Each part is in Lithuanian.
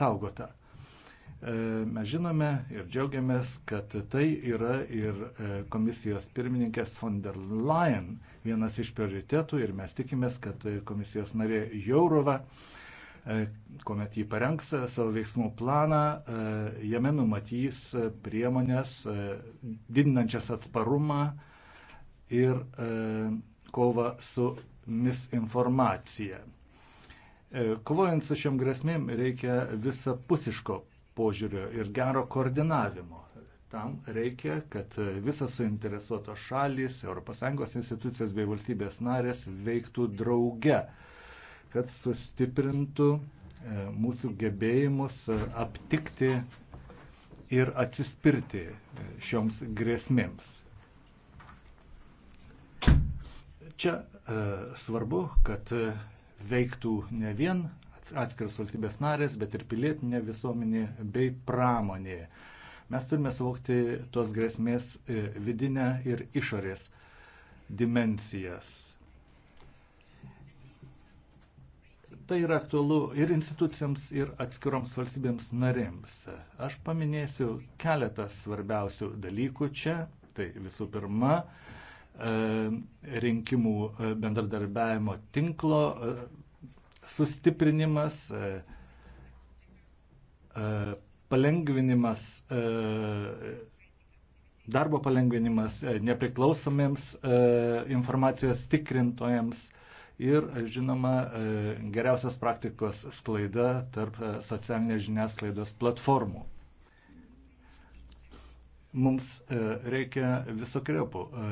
saugota. E, mes žinome ir džiaugiamės, kad tai yra ir e, komisijos pirmininkės von der Leyen vienas iš prioritetų ir mes tikimės, kad komisijos narė Jaurova e, kuomet jį parengs savo veiksmų planą, jame numatys priemonės didinančias atsparumą ir kovą su misinformacija. E, kovojant su šiam grėsmėm reikia visapusiško požiūrio ir gero koordinavimo. Tam reikia, kad visas suinteresuotos šalys, ES institucijas bei valstybės narės veiktų drauge, kad sustiprintų e, mūsų gebėjimus aptikti ir atsispirti e, šioms grėsmėms. Čia e, svarbu, kad veiktų ne vien atskiras valstybės narės, bet ir pilietinė visuomenė bei pramonė. Mes turime suvokti tos grėsmės e, vidinę ir išorės dimensijas. Tai yra aktualu ir institucijams, ir atskiroms valstybėms narėms. Aš paminėsiu keletą svarbiausių dalykų čia. Tai visų pirma, E, rinkimų e, bendradarbiavimo tinklo e, sustiprinimas, palengvinimas, darbo palengvinimas nepriklausomiems informacijos tikrintojams ir, žinoma, geriausias praktikos sklaida tarp socialinės žiniasklaidos platformų. Mums e, reikia visokiojopų e,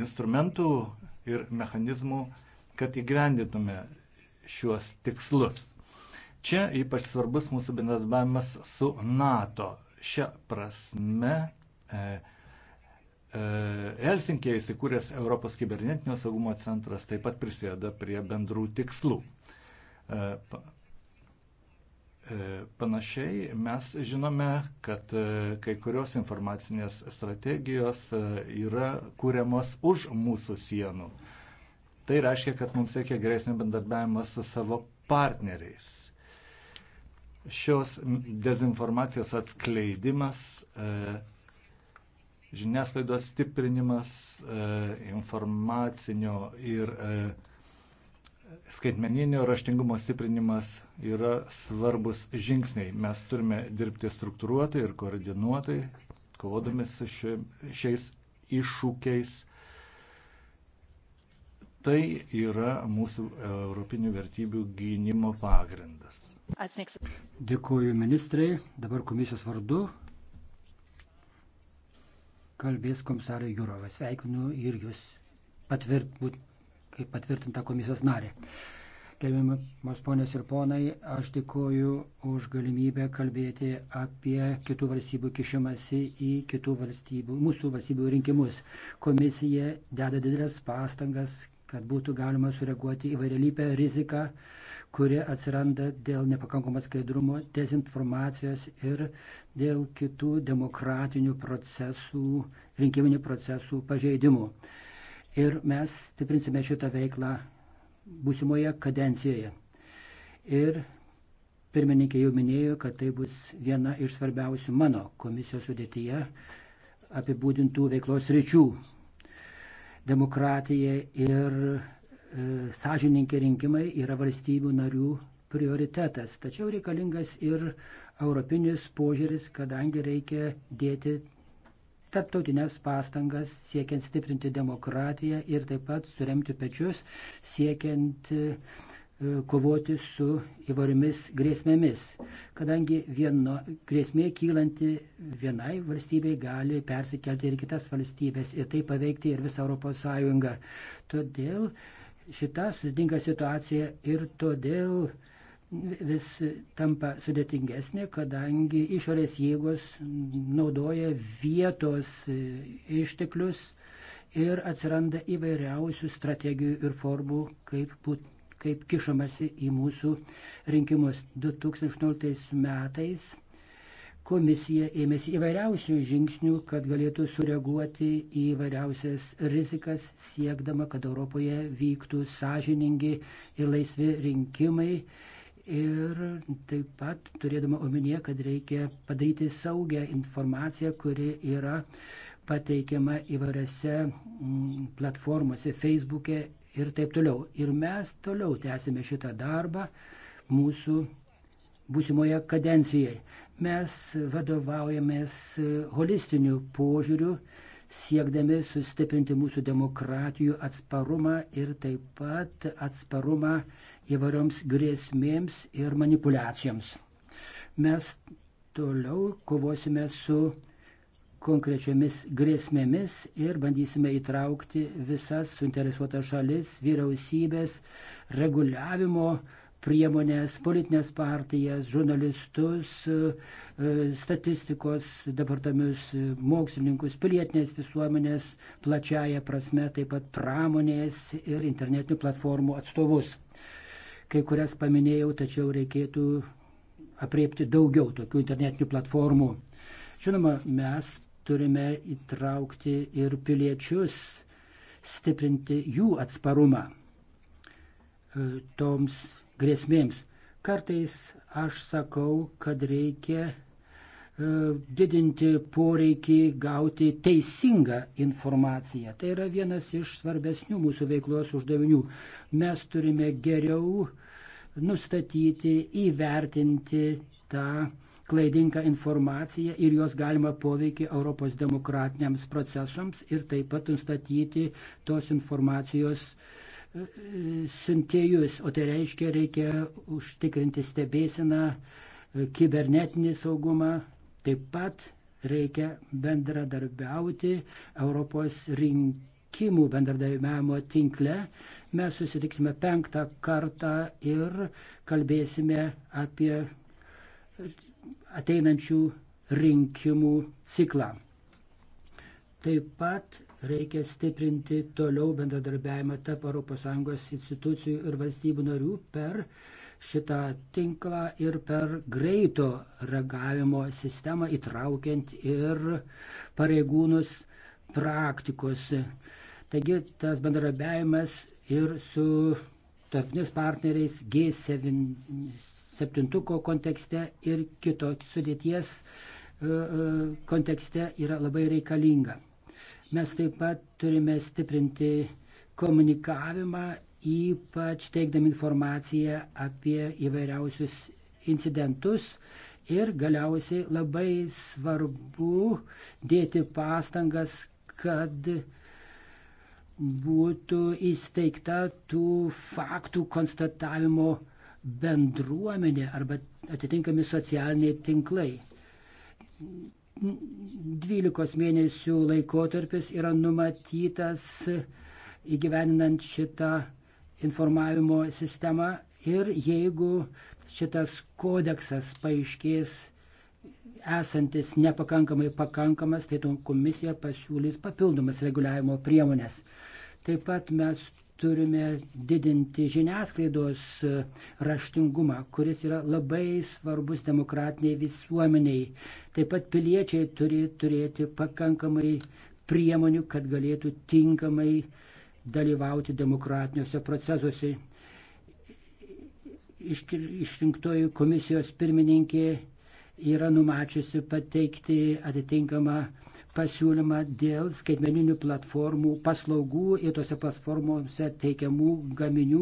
instrumentų ir mechanizmų, kad įgyvendintume šiuos tikslus. Čia ypač svarbus mūsų bendradarbiavimas su NATO. Šią prasme e, Helsinkėje įsikūręs Europos kibernetinio saugumo centras taip pat prisėda prie bendrų tikslų. E, panašiai mes žinome, kad e, kai kurios informacinės strategijos e, yra kūriamos už mūsų sienų. Tai reiškia, kad mums reikia geresnio bendarbiavimo su savo partneriais. Šios dezinformacijos atskleidimas, žiniasklaidos stiprinimas, informacinio ir skaitmeninio raštingumo stiprinimas yra svarbus žingsniai. Mes turime dirbti struktūruotai ir koordinuotai, kovodami su šiais iššūkiais. Tai yra mūsų europinių vertybių gynimo pagrindas. Dėkuoju ministrai. Dabar komisijos vardu kalbės komisarai Jūrovas. Sveikinu ir jūs patvirt, būt, kaip patvirtinta komisijos narė. Gerbiamas ponės ir ponai, aš dėkuoju už galimybę kalbėti apie kitų valstybių kišimasi į kitų valstybių, mūsų valstybių rinkimus. Komisija deda didelės pastangas, kad būtų galima sureaguoti į varialypę riziką, kuri atsiranda dėl nepakankamo skaidrumo, dezinformacijos ir dėl kitų demokratinių procesų, rinkiminių procesų pažeidimų ir mes stiprinsime šitą veiklą būsimoje kadencijoje. Ir pirmininkė jau minėjo, kad tai bus viena iš svarbiausių mano komisijos sudėtyje apibūdintų veiklos ryčių. Demokratija ir e, sąžininkė rinkimai yra valstybių narių prioritetas, tačiau reikalingas ir europinis požiūris, kadangi reikia dėti tarptautinės pastangas siekiant stiprinti demokratiją ir taip pat suremti pečius siekiant e, kovoti su įvairiomis grėsmėmis, kadangi vieno, grėsmė kylanti vienai valstybei gali persikelti ir kitas valstybės ir tai paveikti ir visą ES. Todėl šita sudinga situacija ir todėl uh, vis tampa sudėtingesnė, kadangi išorės jėgos naudoja vietos e, išteklius ir atsiranda įvairiausių strategijų ir formų, kaip, būt, kaip kišamasi į mūsų rinkimus. 2018 metais komisija ėmėsi įvairiausių žingsnių, kad galėtų sureaguoti į įvairiausias rizikas, siekdama, kad Europoje vyktų sąžiningi ir laisvi rinkimai Ir taip pat turėdama omenyje, kad reikia padaryti saugę informaciją, kuri yra pateikiama įvairiose mm, platformose, Facebook'e ir taip toliau. Ir mes toliau tęsime šitą darbą mūsų būsimoje kadencijoje. Mes vadovaujamės holistiniu požiūriu siekdami sustiprinti mūsų demokratijų atsparumą ir taip pat atsparumą įvairioms grėsmėms ir manipulacijoms. Mes toliau kovosime su konkrečiomis grėsmėmis ir bandysime įtraukti visas suinteresuotas šalis, vyriausybės, reguliavimo priemonės, politinės partijas, žurnalistus, e, statistikos departamentus, mokslininkus, pilietinės visuomenės, plačiaja prasme taip pat pramonės ir internetinių platformų atstovus. Kai kurias paminėjau, tačiau reikėtų apriepti daugiau tokių internetinių platformų. Žinoma, mes turime įtraukti ir piliečius, stiprinti jų atsparumą e, toms grėsmėms. Kartais aš sakau, kad reikia e, didinti poreikį gauti teisingą informaciją. Tai yra vienas iš svarbesnių mūsų veiklos uždavinių. Mes turime geriau nustatyti, įvertinti tą klaidingą informaciją ir jos galima poveikį Europos demokratiniams procesams ir taip pat nustatyti tos informacijos uh, siuntėjus, o tai reiškia reikia užtikrinti stebėsiną, kibernetinį saugumą, taip pat reikia bendradarbiauti Europos rinkimų bendradarbiavimo tinkle. Mes susitiksime penktą kartą ir kalbėsime apie ateinančių rinkimų ciklą. Taip pat Reikia stiprinti toliau bendradarbiavimą tarp ES institucijų ir valstybių narių per šitą tinklą ir per greito reagavimo sistemą įtraukiant ir pareigūnus praktikus. Taigi tas bendradarbiavimas ir su tarptautiniais partneriais G7 kontekste ir kitos sudėties e, e, kontekste yra labai reikalinga. Mes taip pat turime stiprinti komunikavimą, ypač teikdami informaciją apie įvairiausius incidentus. Ir galiausiai labai svarbu dėti pastangas, kad būtų įsteigta tų faktų konstatavimo bendruomenė arba atitinkami socialiniai tinklai. 12 mėnesių laikotarpis yra numatytas įgyveninant šitą informavimo sistemą ir jeigu šitas kodeksas paaiškės esantis nepakankamai pakankamas, tai komisija pasiūlys papildomas reguliavimo priemonės. Taip pat mes turime didinti žiniasklaidos e, raštingumą, kuris yra labai svarbus demokratiniai visuomeniai. Taip pat piliečiai turi turėti pakankamai priemonių, kad galėtų tinkamai dalyvauti demokratiniuose procesuose. Išrinktoji komisijos pirmininkė yra numačiusi pateikti atitinkamą pasiūlymą dėl skaitmeninių platformų paslaugų ir tose platformose teikiamų gaminių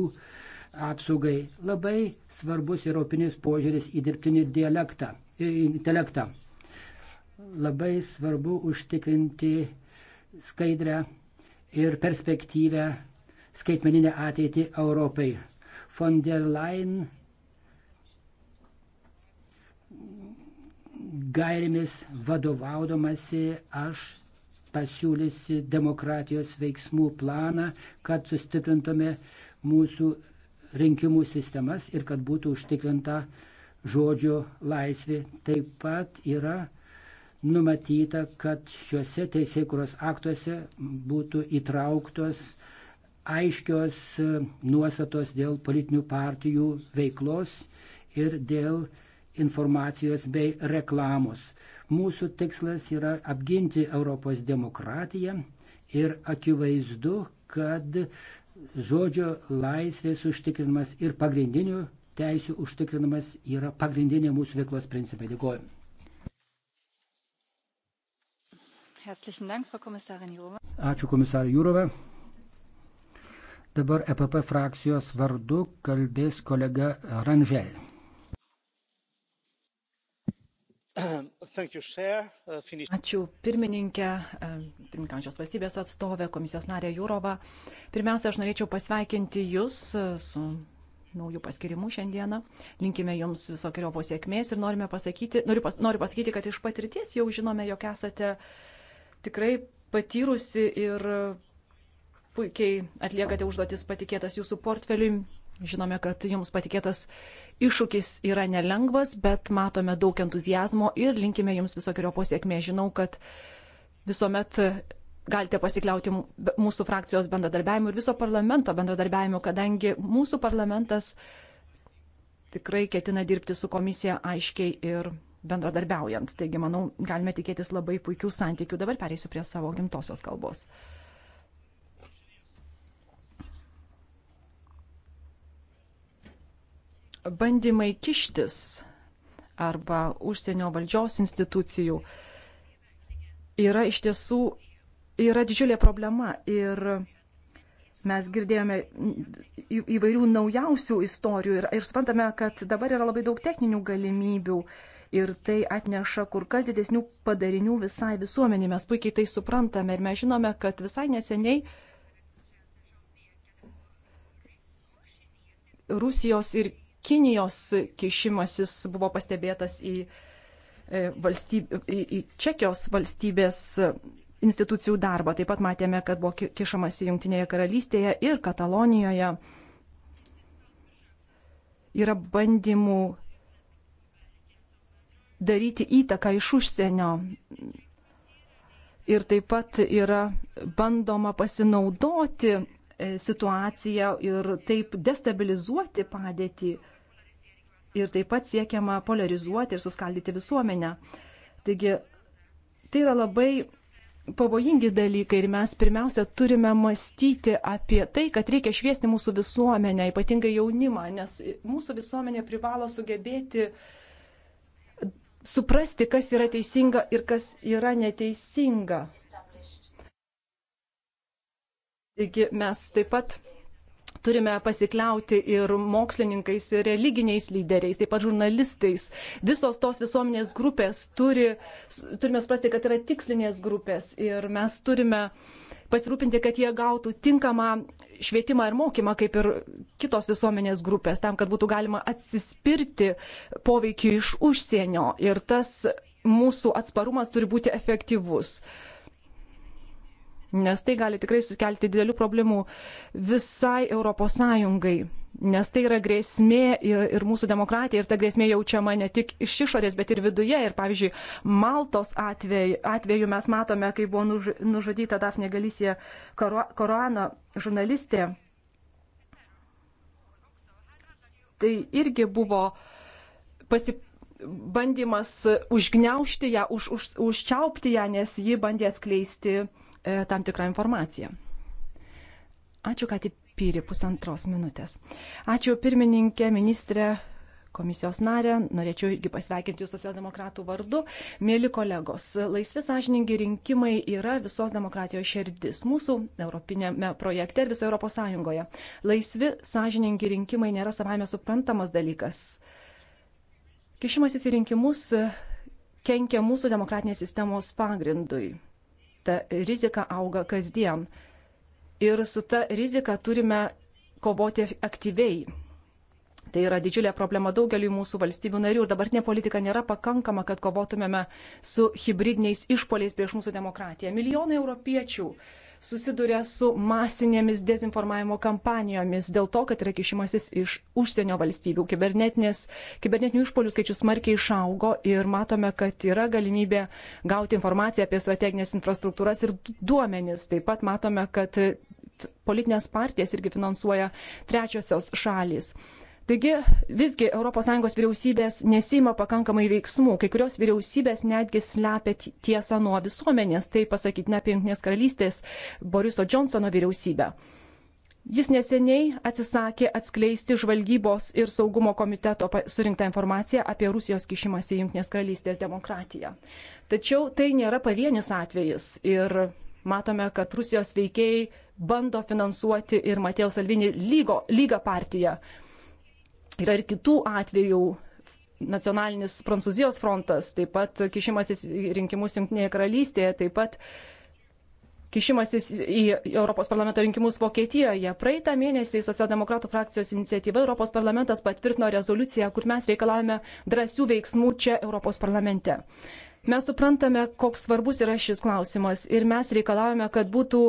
apsaugai. Labai svarbus europinis požiūris į dirbtinį dialektą, intelektą. Labai svarbu užtikrinti skaidrę ir perspektyvę skaitmeninę ateitį Europai. Von der Leyen gairėmis vadovaudomasi aš pasiūlysi demokratijos veiksmų planą, kad sustiprintume mūsų rinkimų sistemas ir kad būtų užtikrinta žodžio laisvė. Taip pat yra numatyta, kad šiuose teisėkuros aktuose būtų įtrauktos aiškios nuostatos dėl politinių partijų veiklos ir dėl informacijos bei reklamos. Mūsų tikslas yra apginti Europos demokratiją ir akivaizdu, kad žodžio laisvės užtikrinimas ir pagrindinių teisių užtikrinimas yra pagrindinė mūsų veiklos principai. Dėkuoju. Ačiū komisarė Jūrova. Dabar EPP frakcijos vardu kalbės kolega Rangel. Uh, Ačiū pirmininkė, uh, pirmininkančios valstybės atstovė, komisijos narė Jūrova. Pirmiausia, aš norėčiau pasveikinti Jūs uh, su naujų paskirimų šiandieną. Linkime Jums visokiojo pasiekmės ir norime pasakyti, noriu, pas, noriu pasakyti, kad iš patirties jau žinome, jog esate tikrai patyrusi ir puikiai atliekate užduotis patikėtas Jūsų portfeliui Žinome, kad jums patikėtas iššūkis yra nelengvas, bet matome daug entuzijazmo ir linkime jums visokiojo pasiekmės. Žinau, kad visuomet galite pasikliauti mūsų frakcijos bendradarbiavimu ir viso parlamento bendradarbiavimu, kadangi mūsų parlamentas tikrai ketina dirbti su komisija aiškiai ir bendradarbiaujant. Taigi, manau, galime tikėtis labai puikių santykių. Dabar pereisiu prie savo gimtosios kalbos. bandymai kištis arba užsienio valdžios institucijų yra iš tiesų yra didžiulė problema ir mes girdėjome įvairių naujausių istorijų ir, ir suprantame, kad dabar yra labai daug techninių galimybių ir tai atneša kur kas didesnių padarinių visai visuomeniai. Mes puikiai tai suprantame ir mes žinome, kad visai neseniai Rusijos ir Kinijos kišimasis buvo pastebėtas į, e, valstyb, į, į Čekijos valstybės institucijų darbą. Taip pat matėme, kad buvo kišamasi Junktinėje karalystėje ir Katalonijoje. Yra bandymų daryti įtaką iš užsienio. Ir taip pat yra bandoma pasinaudoti e, situaciją ir taip destabilizuoti padėtį ir taip pat siekiama polarizuoti ir suskaldyti visuomenę. Taigi tai yra labai pavojingi dalykai ir mes pirmiausia turime mąstyti apie tai, kad reikia šviesti mūsų visuomenę, ypatingai jaunimą, nes mūsų visuomenė privalo sugebėti suprasti, kas yra teisinga ir kas yra neteisinga. Taigi mes taip pat turime pasikliauti ir mokslininkais, ir religiniais lyderiais, taip pat žurnalistais. Visos tos visuomenės grupės turi, turime suprasti, kad yra tikslinės grupės ir mes turime pasirūpinti, kad jie gautų tinkamą švietimą ir mokymą, kaip ir kitos visuomenės grupės, tam, kad būtų galima atsispirti poveikiu iš užsienio. Ir tas mūsų atsparumas turi būti efektyvus. Uh, nes tai gali tikrai sukelti didelių problemų visai ES, nes tai yra grėsmė ir, ir mūsų demokratija, ir ta grėsmė jaučiama ne tik iš išorės, bet ir viduje. Ir pavyzdžiui, Maltos atveju, atveju mes matome, kai buvo nuž, nužudyta Dafne Galisija Koruano žurnalistė. Tai irgi buvo pasipasakyti bandymas užgneušti ją, už, už, užčiaupti ją, nes ji bandė atskleisti uh, E, tam tikrą informaciją. Ačiū, kad įpyri pusantros minutės. Ačiū pirmininkė, ministrė, komisijos narė. Norėčiau irgi pasveikinti jūs socialdemokratų vardu. Mėly kolegos, laisvi sąžiningi rinkimai yra visos demokratijos širdis mūsų europinėme projekte ir visoje Europos Sąjungoje. Laisvi sąžiningi rinkimai nėra savame suprantamas dalykas. Kišimasis į rinkimus kenkia mūsų demokratinės sistemos pagrindui ta rizika auga kasdien. Ir su ta rizika turime kovoti aktyviai. Tai yra didžiulė problema daugeliu mūsų valstybių narių ir dabartinė politika nėra pakankama, kad kovotumėme su hybridiniais išpoliais prieš mūsų demokratiją. Milijonai europiečių uh, susiduria su masinėmis dezinformavimo kampanijomis dėl to, kad yra kišimasis iš užsienio valstybių. Kibernetinių išpolių skaičius smarkiai išaugo ir matome, kad yra galimybė gauti informaciją apie strateginės infrastruktūras ir duomenis. Taip pat matome, kad politinės partijas irgi finansuoja trečiosios šalys. Taigi visgi ES vyriausybės nesima pakankamai veiksmų, kai kurios vyriausybės netgi slepia tiesą nuo visuomenės, tai pasakytina apie Junktinės karalystės Boriso Johnsono vyriausybę. Jis neseniai atsisakė atskleisti žvalgybos ir saugumo komiteto surinktą informaciją apie Rusijos kišimąsi į Junktinės karalystės demokratiją. Tačiau tai nėra pavienis atvejis ir matome, kad Rusijos veikėjai bando finansuoti ir Matėjo Salvini lygo, lygą partiją Yra ir kitų atvejų. Nacionalinis Prancūzijos frontas, taip pat kišimasis į rinkimus Junktinėje karalystėje, taip pat kišimasis į Europos parlamento rinkimus Vokietijoje. Praeitą mėnesį socialdemokratų frakcijos iniciatyva Europos parlamentas patvirtino rezoliuciją, kur mes reikalavome drąsių veiksmų čia Europos parlamente. Mes suprantame, koks svarbus yra šis klausimas ir mes reikalavome, kad būtų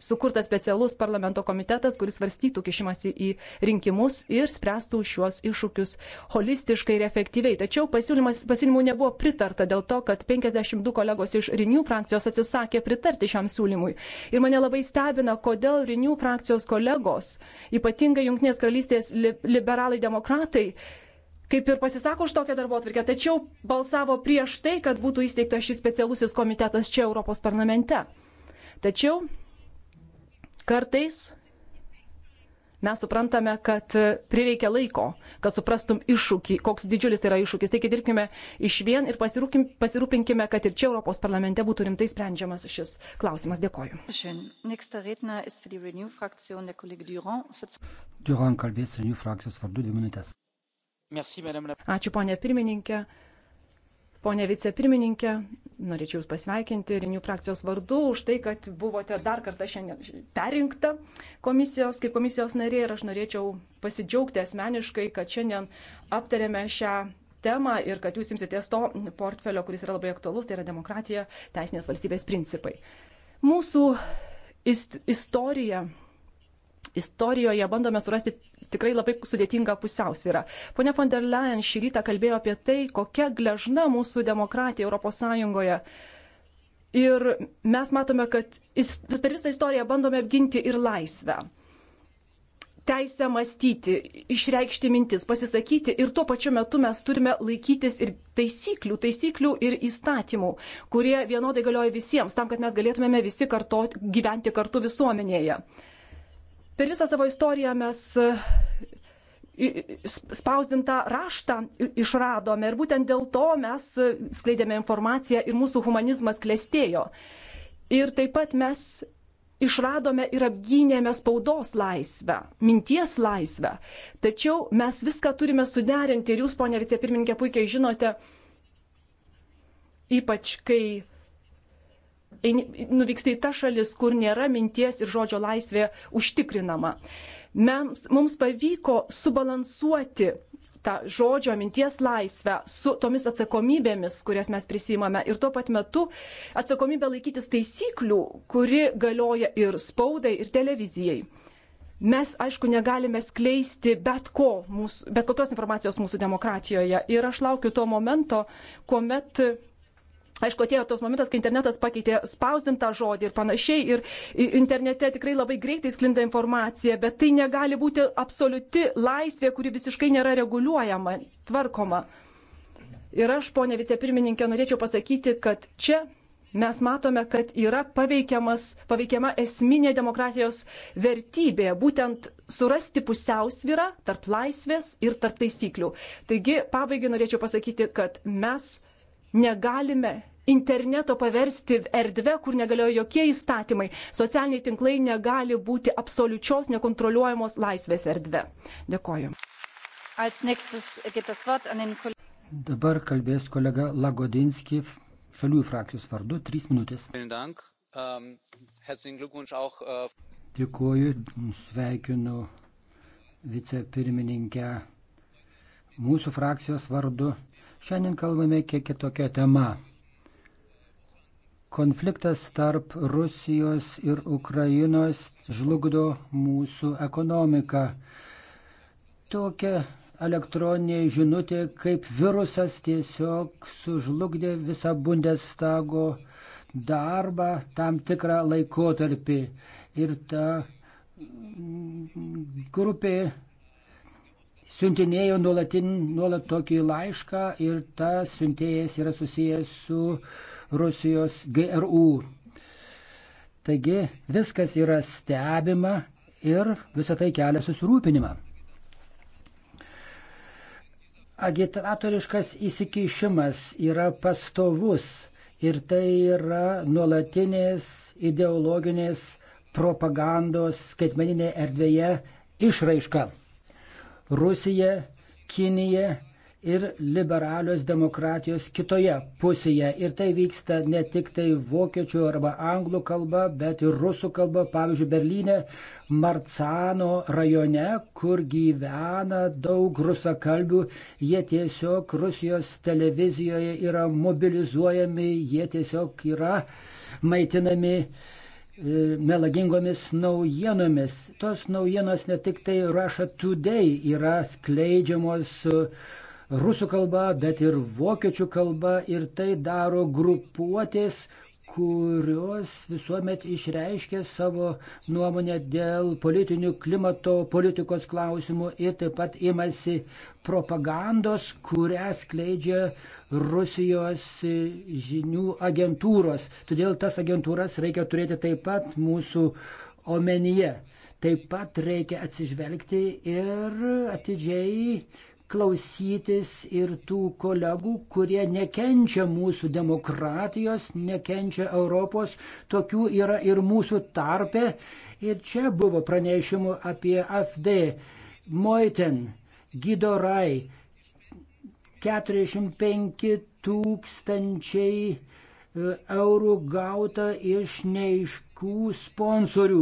sukurtas specialus parlamento komitetas, kuris svarstytų kišimasi į rinkimus ir spręstų šiuos iššūkius holistiškai ir efektyviai. Tačiau pasiūlymų nebuvo pritarta dėl to, kad 52 kolegos iš Rinių frakcijos atsisakė pritarti šiam siūlymui. Ir mane labai stebina, kodėl Rinių frakcijos kolegos, ypatingai Junktinės karalystės liberalai demokratai, kaip ir pasisako už tokią darbo atvirkę, tačiau balsavo prieš tai, kad būtų įsteigtas šis specialusis komitetas čia Europos parlamente. Tačiau Kartais mes suprantame, kad prireikia laiko, kad suprastum iššūkį, koks didžiulis tai yra iššūkis. Taigi dirbkime iš vien ir pasirūpinkime, kad ir čia Europos parlamente būtų rimtai sprendžiamas šis klausimas. Dėkoju. Durand kalbės Renew frakcijos vardu dvi minutės. Ačiū, ponė pirmininkė. Pone vicepirmininkė, norėčiau Jūs pasveikinti Renių frakcijos vardu už tai, kad buvote dar kartą šiandien perinkta komisijos, kaip komisijos narė ir aš norėčiau pasidžiaugti asmeniškai, kad šiandien aptarėme šią temą ir kad Jūs imsitės to portfelio, kuris yra labai aktualus, tai yra demokratija, teisinės valstybės principai. Mūsų ist istorija istorijoje bandome surasti tikrai labai sudėtingą pusiausvyrą. Pone von der Leyen šį rytą kalbėjo apie tai, kokia gležna mūsų demokratija ES. Ir mes matome, kad per visą istoriją bandome apginti ir laisvę. Teisę mąstyti, išreikšti mintis, pasisakyti ir tuo pačiu metu mes turime laikytis ir taisyklių, taisyklių ir įstatymų, kurie vienodai galioja visiems, tam, kad mes galėtumėme visi kartu gyventi kartu visuomenėje. Per visą savo istoriją mes e, spausdintą raštą išradome ir būtent dėl to mes e, skleidėme informaciją ir mūsų humanizmas klestėjo. Ir taip pat mes išradome ir apgynėme spaudos laisvę, minties laisvę. Tačiau mes viską turime suderinti ir jūs, ponia vicepirmininkė, puikiai žinote, ypač kai nuvyksta į tą šalis, kur nėra minties ir žodžio laisvė užtikrinama. Mes, mums pavyko subalansuoti tą žodžio minties laisvę su tomis atsakomybėmis, kurias mes prisimame ir tuo pat metu atsakomybę laikytis taisyklių, kuri galioja ir spaudai, ir televizijai. Mes, aišku, negalime skleisti bet, ko, mūsų, bet kokios informacijos mūsų demokratijoje ir aš laukiu to momento, kuomet Aišku, atėjo tos momentas, kai internetas pakeitė spausdintą žodį ir panašiai, ir internete tikrai labai greitai sklinda informacija, bet tai negali būti absoliuti laisvė, kuri visiškai nėra reguliuojama, tvarkoma. Ir aš, ponė vicepirmininkė, norėčiau pasakyti, kad čia mes matome, kad yra paveikiama esminė demokratijos vertybė, būtent surasti pusiausvyrą tarp laisvės ir tarp taisyklių. Taigi, pabaigai norėčiau pasakyti, kad mes negalime interneto paversti erdve, kur negalėjo jokie įstatymai. Socialiniai tinklai negali būti absoliučios nekontroliuojamos laisvės erdve. Dėkoju. Dabar kalbės kolega Lagodinski, šalių frakcijos vardu, trys minutės. Ähm, äh, Dėkuoju, sveikinu vicepirmininkę mūsų frakcijos vardu Šiandien kalbame kiek kitokią temą. Konfliktas tarp Rusijos ir Ukrainos žlugdo mūsų ekonomiką. Tokia elektroninė žinutė kaip virusas tiesiog sužlugdė visą Bundestago darbą tam tikrą laikotarpį. Ir ta grupė siuntinėjo nuolatin, nuolat tokį laišką ir tas siuntėjas yra susijęs su Rusijos GRU. Taigi viskas yra stebima ir visą tai kelia susirūpinimą. Agitatoriškas įsikišimas yra pastovus ir tai yra nuolatinės ideologinės propagandos skaitmeninėje erdvėje išraiška. Rusija, Kinija ir liberalios demokratijos kitoje pusėje. Ir tai vyksta ne tik tai vokiečių arba anglų kalba, bet ir rusų kalba. Pavyzdžiui, Berlyne, Marcano rajone, kur gyvena daug rusakalbių, jie tiesiog Rusijos televizijoje yra mobilizuojami, jie tiesiog yra maitinami uh, E, melagingomis naujienomis. Tos naujienos ne tik tai Russia Today yra skleidžiamos e, rusų kalba, bet ir vokiečių kalba ir tai daro grupuotės, kurios visuomet išreiškia savo nuomonę dėl politinių klimato politikos klausimų ir taip pat imasi propagandos, kurią skleidžia Rusijos žinių agentūros. Todėl tas agentūras reikia turėti taip pat mūsų omenyje. Taip pat reikia atsižvelgti ir atidžiai klausytis ir tų kolegų, kurie nekenčia mūsų demokratijos, nekenčia Europos, tokių yra ir mūsų tarpe. Ir čia buvo pranešimų apie AFD, Moiten, Gidorai, 45 tūkstančiai e, eurų gauta iš neiškių tokių sponsorių.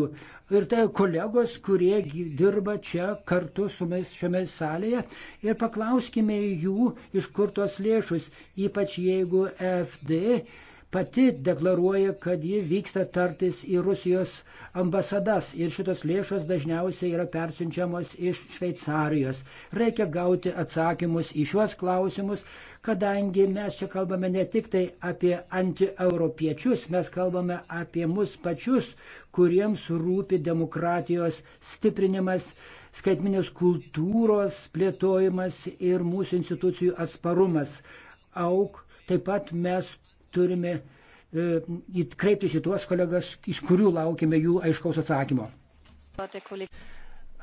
Ir tai kolegos, kurie dirba čia kartu su mumis šiame salėje. Ir paklauskime jų, iš kur tos lėšus, ypač jeigu FD pati deklaruoja, kad ji vyksta tartis į Rusijos ambasadas ir šitos lėšos dažniausiai yra persiunčiamos iš Šveicarijos. Reikia gauti atsakymus į šiuos klausimus, kadangi mes čia kalbame ne tik tai apie antieuropiečius, mes kalbame apie mus pačius, kuriems rūpi demokratijos stiprinimas, skaitminės kultūros plėtojimas ir mūsų institucijų atsparumas. Auk Taip pat mes turime e, kreiptis į tuos kolegas, iš kurių laukime jų aiškaus atsakymo.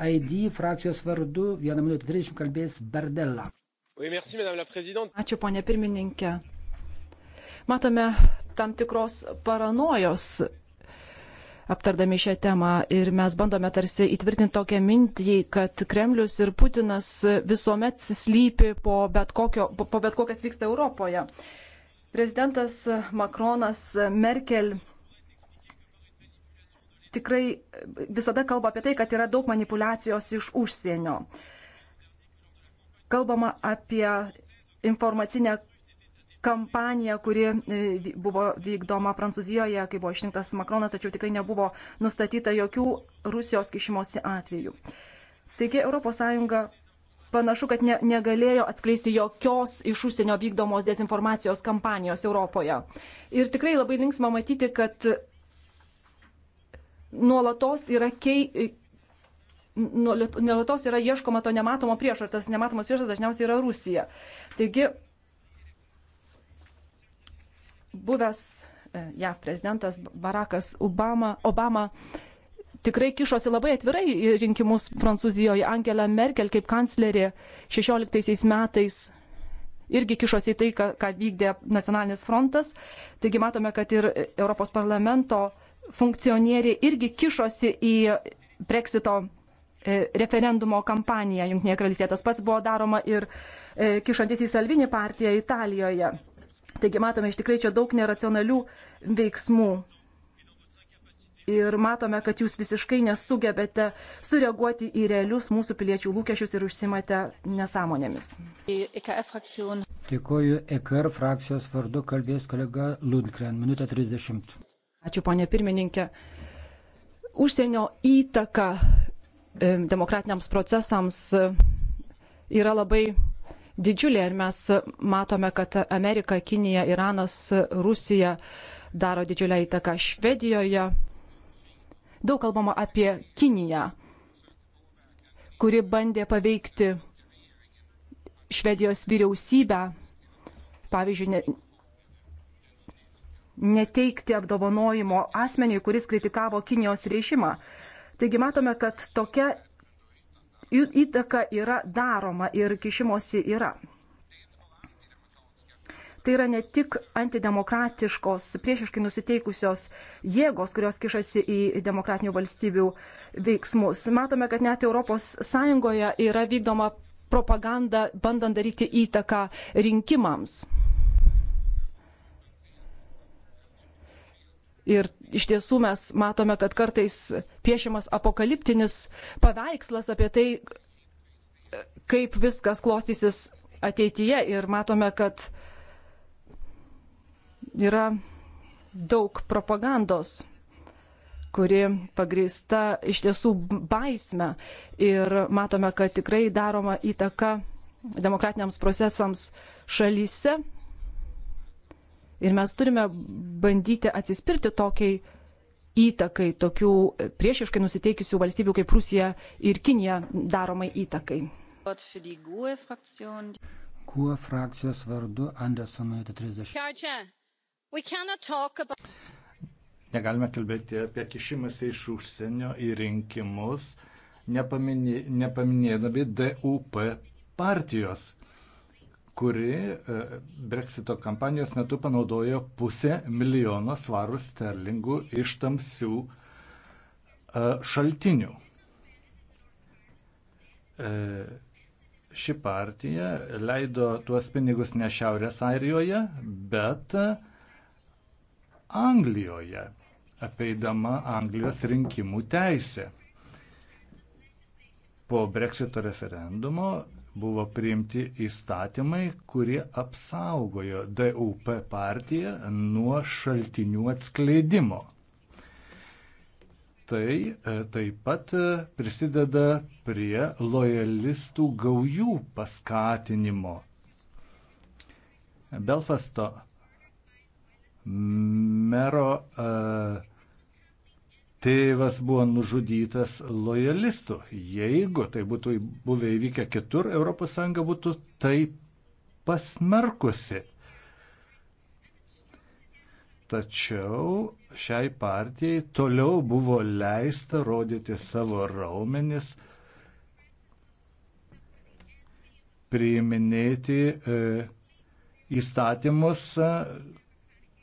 ID frakcijos vardu 1 minutė 30 kalbės Berdella. Ačiū, ponė pirmininkė. Matome tam tikros paranojos aptardami šią temą ir mes bandome tarsi įtvirtinti tokią mintį, kad Kremlius ir Putinas visuomet slypi po bet, kokio, po bet kokias vyksta Europoje. Uh, Prezidentas Makronas Merkel tikrai visada kalba apie tai, kad yra daug manipulacijos iš užsienio. Kalbama apie informacinę kampanija, kuri e, buvo vykdoma Prancūzijoje, kai buvo išrinktas Makronas, tačiau tikrai nebuvo nustatyta jokių Rusijos kišimosi atvejų. Taigi ES panašu, kad ne, negalėjo atskleisti jokios iš užsienio vykdomos dezinformacijos kampanijos Europoje. Ir tikrai labai linksma matyti, kad nuolatos yra kei. Nuolatos yra ieškoma to nematomo priešo ir tas nematomas priešas dažniausiai yra Rusija. Taigi, buvęs e, JAV prezidentas Barackas Obama, Obama uh, tikrai kišosi labai atvirai į rinkimus Prancūzijoje. Angela Merkel kaip kanclerė 16 metais irgi kišosi į tai, ką, ką vykdė Nacionalinis frontas. Taigi matome, kad ir Europos parlamento funkcionieriai irgi kišosi į Brexito e, referendumo kampaniją Junktinėje karalystėje. Tas pats buvo daroma ir e, kišantis į Salvinį partiją Italijoje. Taigi matome iš tikrai čia daug neracionalių veiksmų ir matome, kad jūs visiškai nesugebėte sureaguoti į realius mūsų piliečių lūkesčius ir užsimate nesąmonėmis. E Dėkuoju, EKR frakcijos vardu kalbės kolega Lundgren, minutė 30. Ačiū, ponė pirmininkė. Užsienio įtaka e, demokratiniams procesams e, yra labai didžiulė ir mes matome, kad Amerika, Kinija, Iranas, Rusija daro didžiulę įtaką Švedijoje. Daug kalbama apie Kiniją, kuri bandė paveikti Švedijos vyriausybę, pavyzdžiui, ne, neteikti apdovanojimo asmeniui, kuris kritikavo Kinijos režimą. Taigi matome, kad tokia įtaka yra daroma ir kišimosi yra tai yra ne tik antidemokratiškos, priešiškai nusiteikusios jėgos, kurios kišasi į demokratinių valstybių veiksmus. Matome, kad net ES yra vykdoma propaganda, bandant daryti įtaką rinkimams. Ir iš tiesų mes matome, kad kartais piešiamas apokaliptinis paveikslas apie tai, kaip viskas klostysis ateityje. Ir matome, kad uh, yra daug propagandos, kuri pagrįsta iš tiesų baisme ir matome, kad tikrai daroma įtaka demokratiniams procesams šalyse. Ir mes turime bandyti atsispirti tokiai įtakai, tokių priešiškai nusiteikusių valstybių kaip Rusija ir Kinija daromai įtakai. E Kuo e frakcijos vardu Andersonui 30? About... Negalime kalbėti apie kišimąsi iš užsienio į rinkimus, nepaminė, nepaminėdami DUP partijos, kuri e, Brexito kampanijos metu panaudojo pusę milijono svarų sterlingų iš tamsių e, šaltinių. E, ši partija leido tuos pinigus ne Šiaurės Airijoje, bet uh, Anglijoje, apeidama Anglijos rinkimų teisę. Po Brexito referendumo buvo priimti įstatymai, kurie apsaugojo DUP partiją nuo šaltinių atskleidimo. Tai e, taip pat e, prisideda prie lojalistų gaujų paskatinimo. Belfasto Mero e, tėvas buvo nužudytas lojalistų. Jeigu tai būtų buvę įvykę kitur, ES būtų tai pasmerkusi. Tačiau šiai partijai toliau buvo leista rodyti savo raumenis, priiminėti e, įstatymus,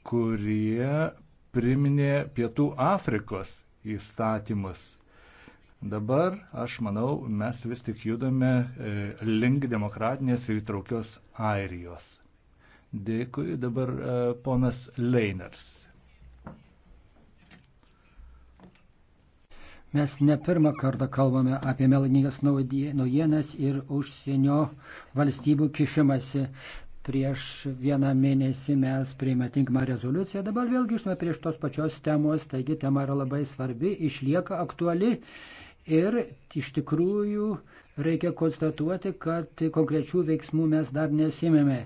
kurie priminė Pietų Afrikos įstatymus. Dabar, aš manau, mes vis tik judame e, link demokratinės ir įtraukios Airijos. Dėkui, dabar e, ponas Leiners. Mes ne pirmą kartą kalbame apie melagingas naujienas ir užsienio valstybių kišimasi. Prieš vieną mėnesį mes priėmė tinkamą rezoliuciją, dabar vėl grįžtume prieš tos pačios temos, taigi tema yra labai svarbi, išlieka aktuali ir iš tikrųjų reikia konstatuoti, kad konkrečių veiksmų mes dar nesimėme.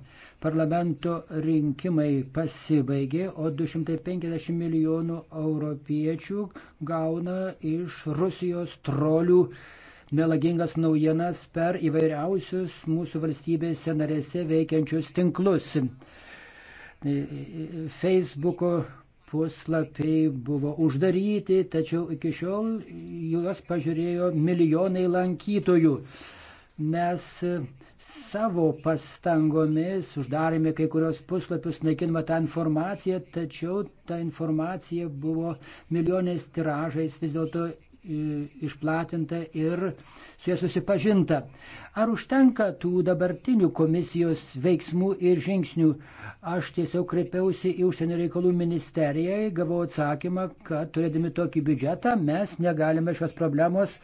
Parlamento rinkimai pasibaigė, o 250 milijonų europiečių gauna iš Rusijos trolių melagingas naujienas per įvairiausius mūsų valstybėse narėse veikiančius tinklus. Facebook'o puslapiai buvo uždaryti, tačiau iki šiol juos pažiūrėjo milijonai lankytojų. Mes savo pastangomis uždarėme kai kurios puslapius, naikinome tą informaciją, tačiau ta informacija buvo milijonės tiražais vis dėlto išplatinta ir su ja susipažinta. Ar užtenka tų dabartinių komisijos veiksmų ir žingsnių? Aš tiesiog kreipiausi į užsienio reikalų ministeriją, gavau atsakymą, kad turėdami tokį biudžetą mes negalime šios problemos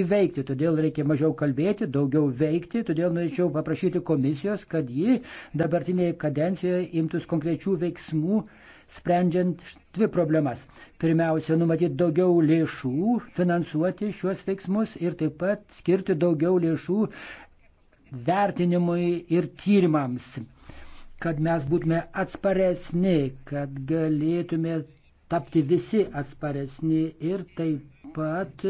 įveikti. Todėl reikia mažiau kalbėti, daugiau veikti. Todėl norėčiau paprašyti komisijos, kad ji dabartinėje kadencijoje imtųsi konkrečių veiksmų sprendžiant dvi problemas. Pirmiausia, numatyti daugiau lėšų, finansuoti šiuos veiksmus ir taip pat skirti daugiau lėšų vertinimui ir tyrimams, kad mes būtume atsparesni, kad galėtume tapti visi atsparesni ir taip pat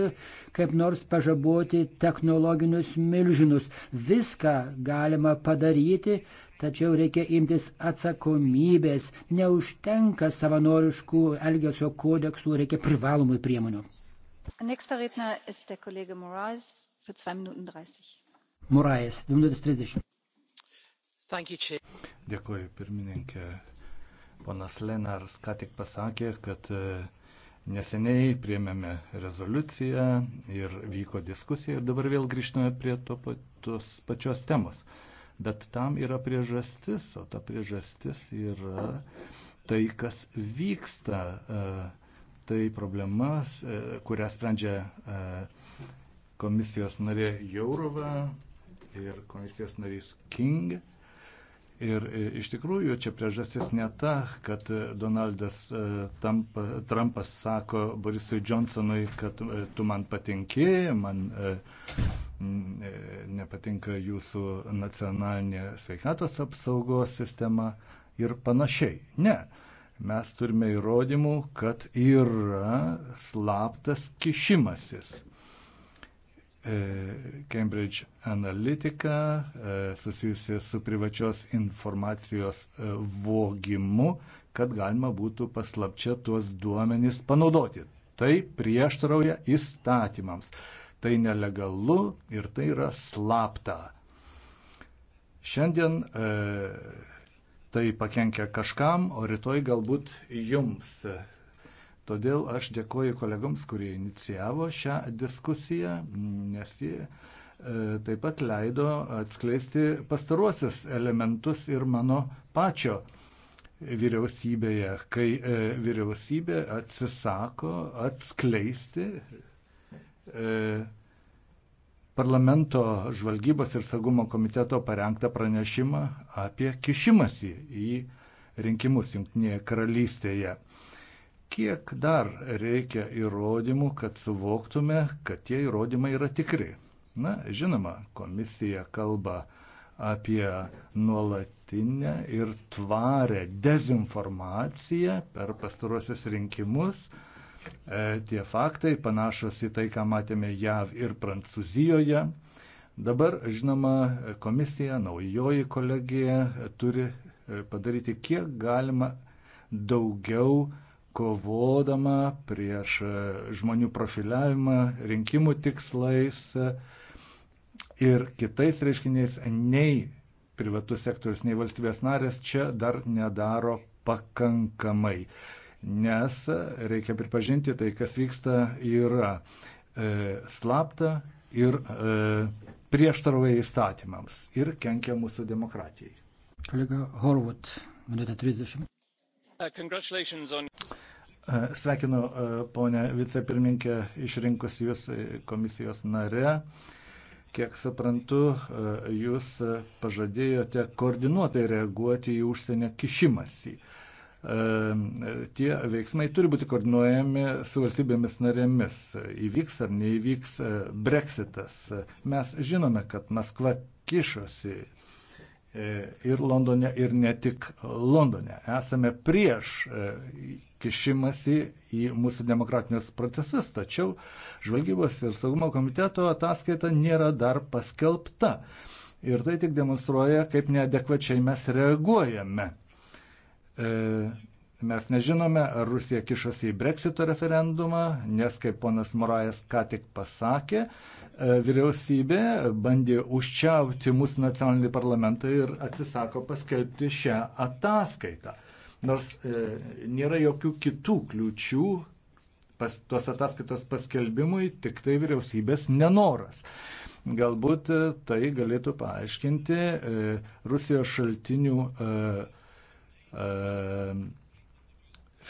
kaip nors pažaboti technologinius milžinus. Viską galima padaryti, Tačiau reikia imtis atsakomybės, neužtenka savanoriškų elgesio kodeksų, reikia privalomų priemonių. Morais, 2 minutės 30. Dėkuoju, pirmininkė. Ponas Lenars ką tik pasakė, kad e, neseniai priemėme rezoliuciją ir vyko diskusija ir dabar vėl grįžtame prie to, tos pačios temos. Uh, Bet tam yra priežastis, o ta priežastis yra tai, kas vyksta. E, tai problemas, e, kurią sprendžia e, komisijos narė Jaurova ir komisijos narys King. Ir e, iš tikrųjų čia priežastis ne ta, kad e, Donaldas e, Trump, Trumpas sako Borisui Johnsonui, kad tu man patinki, man nepatinka jūsų nacionalinė sveikatos apsaugos sistema ir panašiai. Ne, mes turime įrodymų, kad yra slaptas kišimasis E, Cambridge Analytica e, susijusi su privačios informacijos e, vogimu, kad galima būtų paslapčia tuos duomenys panaudoti. Tai prieštarauja įstatymams. Tai nelegalu ir tai yra slapta. Šiandien e, tai pakenkia kažkam, o rytoj galbūt jums. Todėl aš dėkoju kolegoms, kurie inicijavo šią diskusiją, nes jie e, taip pat leido atskleisti pastaruosius elementus ir mano pačio vyriausybėje, kai e, vyriausybė atsisako atskleisti e, parlamento žvalgybos ir saugumo komiteto parengtą pranešimą apie kišimąsi į rinkimus Junktinėje karalystėje. E, Kiek dar reikia įrodymų, kad suvoktume, kad tie įrodymai yra tikri? Na, žinoma, komisija kalba apie nuolatinę ir tvarę dezinformaciją per pastarosius rinkimus. E, tie faktai panašus į tai, ką matėme JAV ir Prancūzijoje. Dabar, žinoma, komisija, naujoji kolegija turi e, padaryti kiek galima daugiau kovodama prieš e, žmonių profiliavimą rinkimų tikslais e, ir kitais reiškiniais nei privatus sektorius, nei valstybės narės čia dar nedaro pakankamai. Nes reikia pripažinti, tai kas vyksta yra e, slapta ir e, prieštaroja įstatymams ir kenkia mūsų demokratijai. Kolega Horvat, minutė 30. Uh, Sveikinu e, ponę vicepirminkę išrinkus jūs e, komisijos nare. Kiek suprantu, e, jūs pažadėjote koordinuotai reaguoti į užsienio kišimąsi. Tie veiksmai turi būti koordinuojami su valstybėmis narėmis. Įvyks ar neįvyks breksitas. Mes žinome, kad Maskva kišosi E, ir Londone, ir ne tik Londone. Esame prieš e, kišimasi į mūsų demokratinius procesus, tačiau žvalgybos ir saugumo komiteto ataskaita nėra dar paskelbta. Ir tai tik demonstruoja, kaip neadekvačiai mes reaguojame. E, mes nežinome, ar Rusija kišosi į Brexito referendumą, nes, kaip ponas Morajas ką tik pasakė, vyriausybė bandė užčiaupti mūsų nacionalinį parlamentą ir atsisako paskelbti šią ataskaitą. Nors e, nėra jokių kitų kliučių pas, tos ataskaitos paskelbimui, tik tai vyriausybės nenoras. Galbūt e, tai galėtų paaiškinti e, Rusijos šaltinių e, e,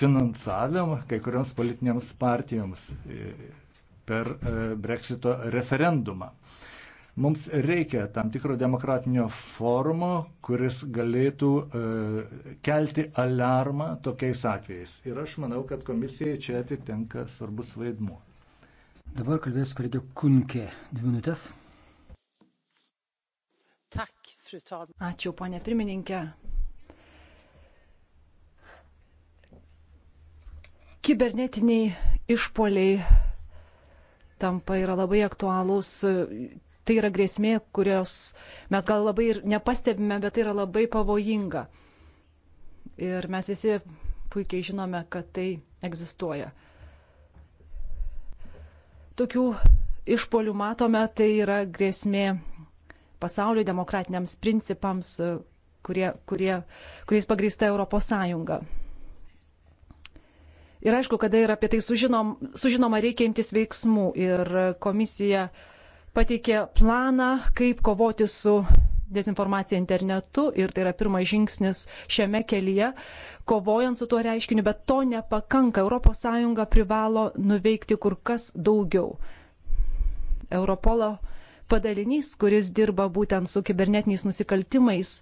finansavimą kai kurioms politinėms partijoms. E, per e, breksito referendumą. Mums reikia tam tikro demokratinio forumo, kuris galėtų e, kelti alarmą tokiais atvejais. Ir aš manau, kad komisijai čia atitenka svarbus vaidmuo. Dabar kalbės Fredė Kunkė. Dvi minutės. Ačiū, ponė pirmininkė. Kibernetiniai išpoliai tampa yra labai aktualūs. Tai yra grėsmė, kurios mes gal labai ir nepastebime, bet tai yra labai pavojinga. Ir mes visi puikiai žinome, kad tai egzistuoja. Tokių išpolių matome, tai yra grėsmė pasaulio demokratiniams principams, kurie, kurie, kuriais pagrįsta Europos Sąjunga. Ir aišku, kada ir apie tai sužinom, sužinoma, reikia imtis veiksmų. Ir komisija pateikė planą, kaip kovoti su dezinformacija internetu ir tai yra pirmas žingsnis šiame kelyje, kovojant su tuo reiškiniu, bet to nepakanka. ES privalo nuveikti kur kas daugiau. Europolo padalinys, kuris dirba būtent su kibernetiniais nusikaltimais,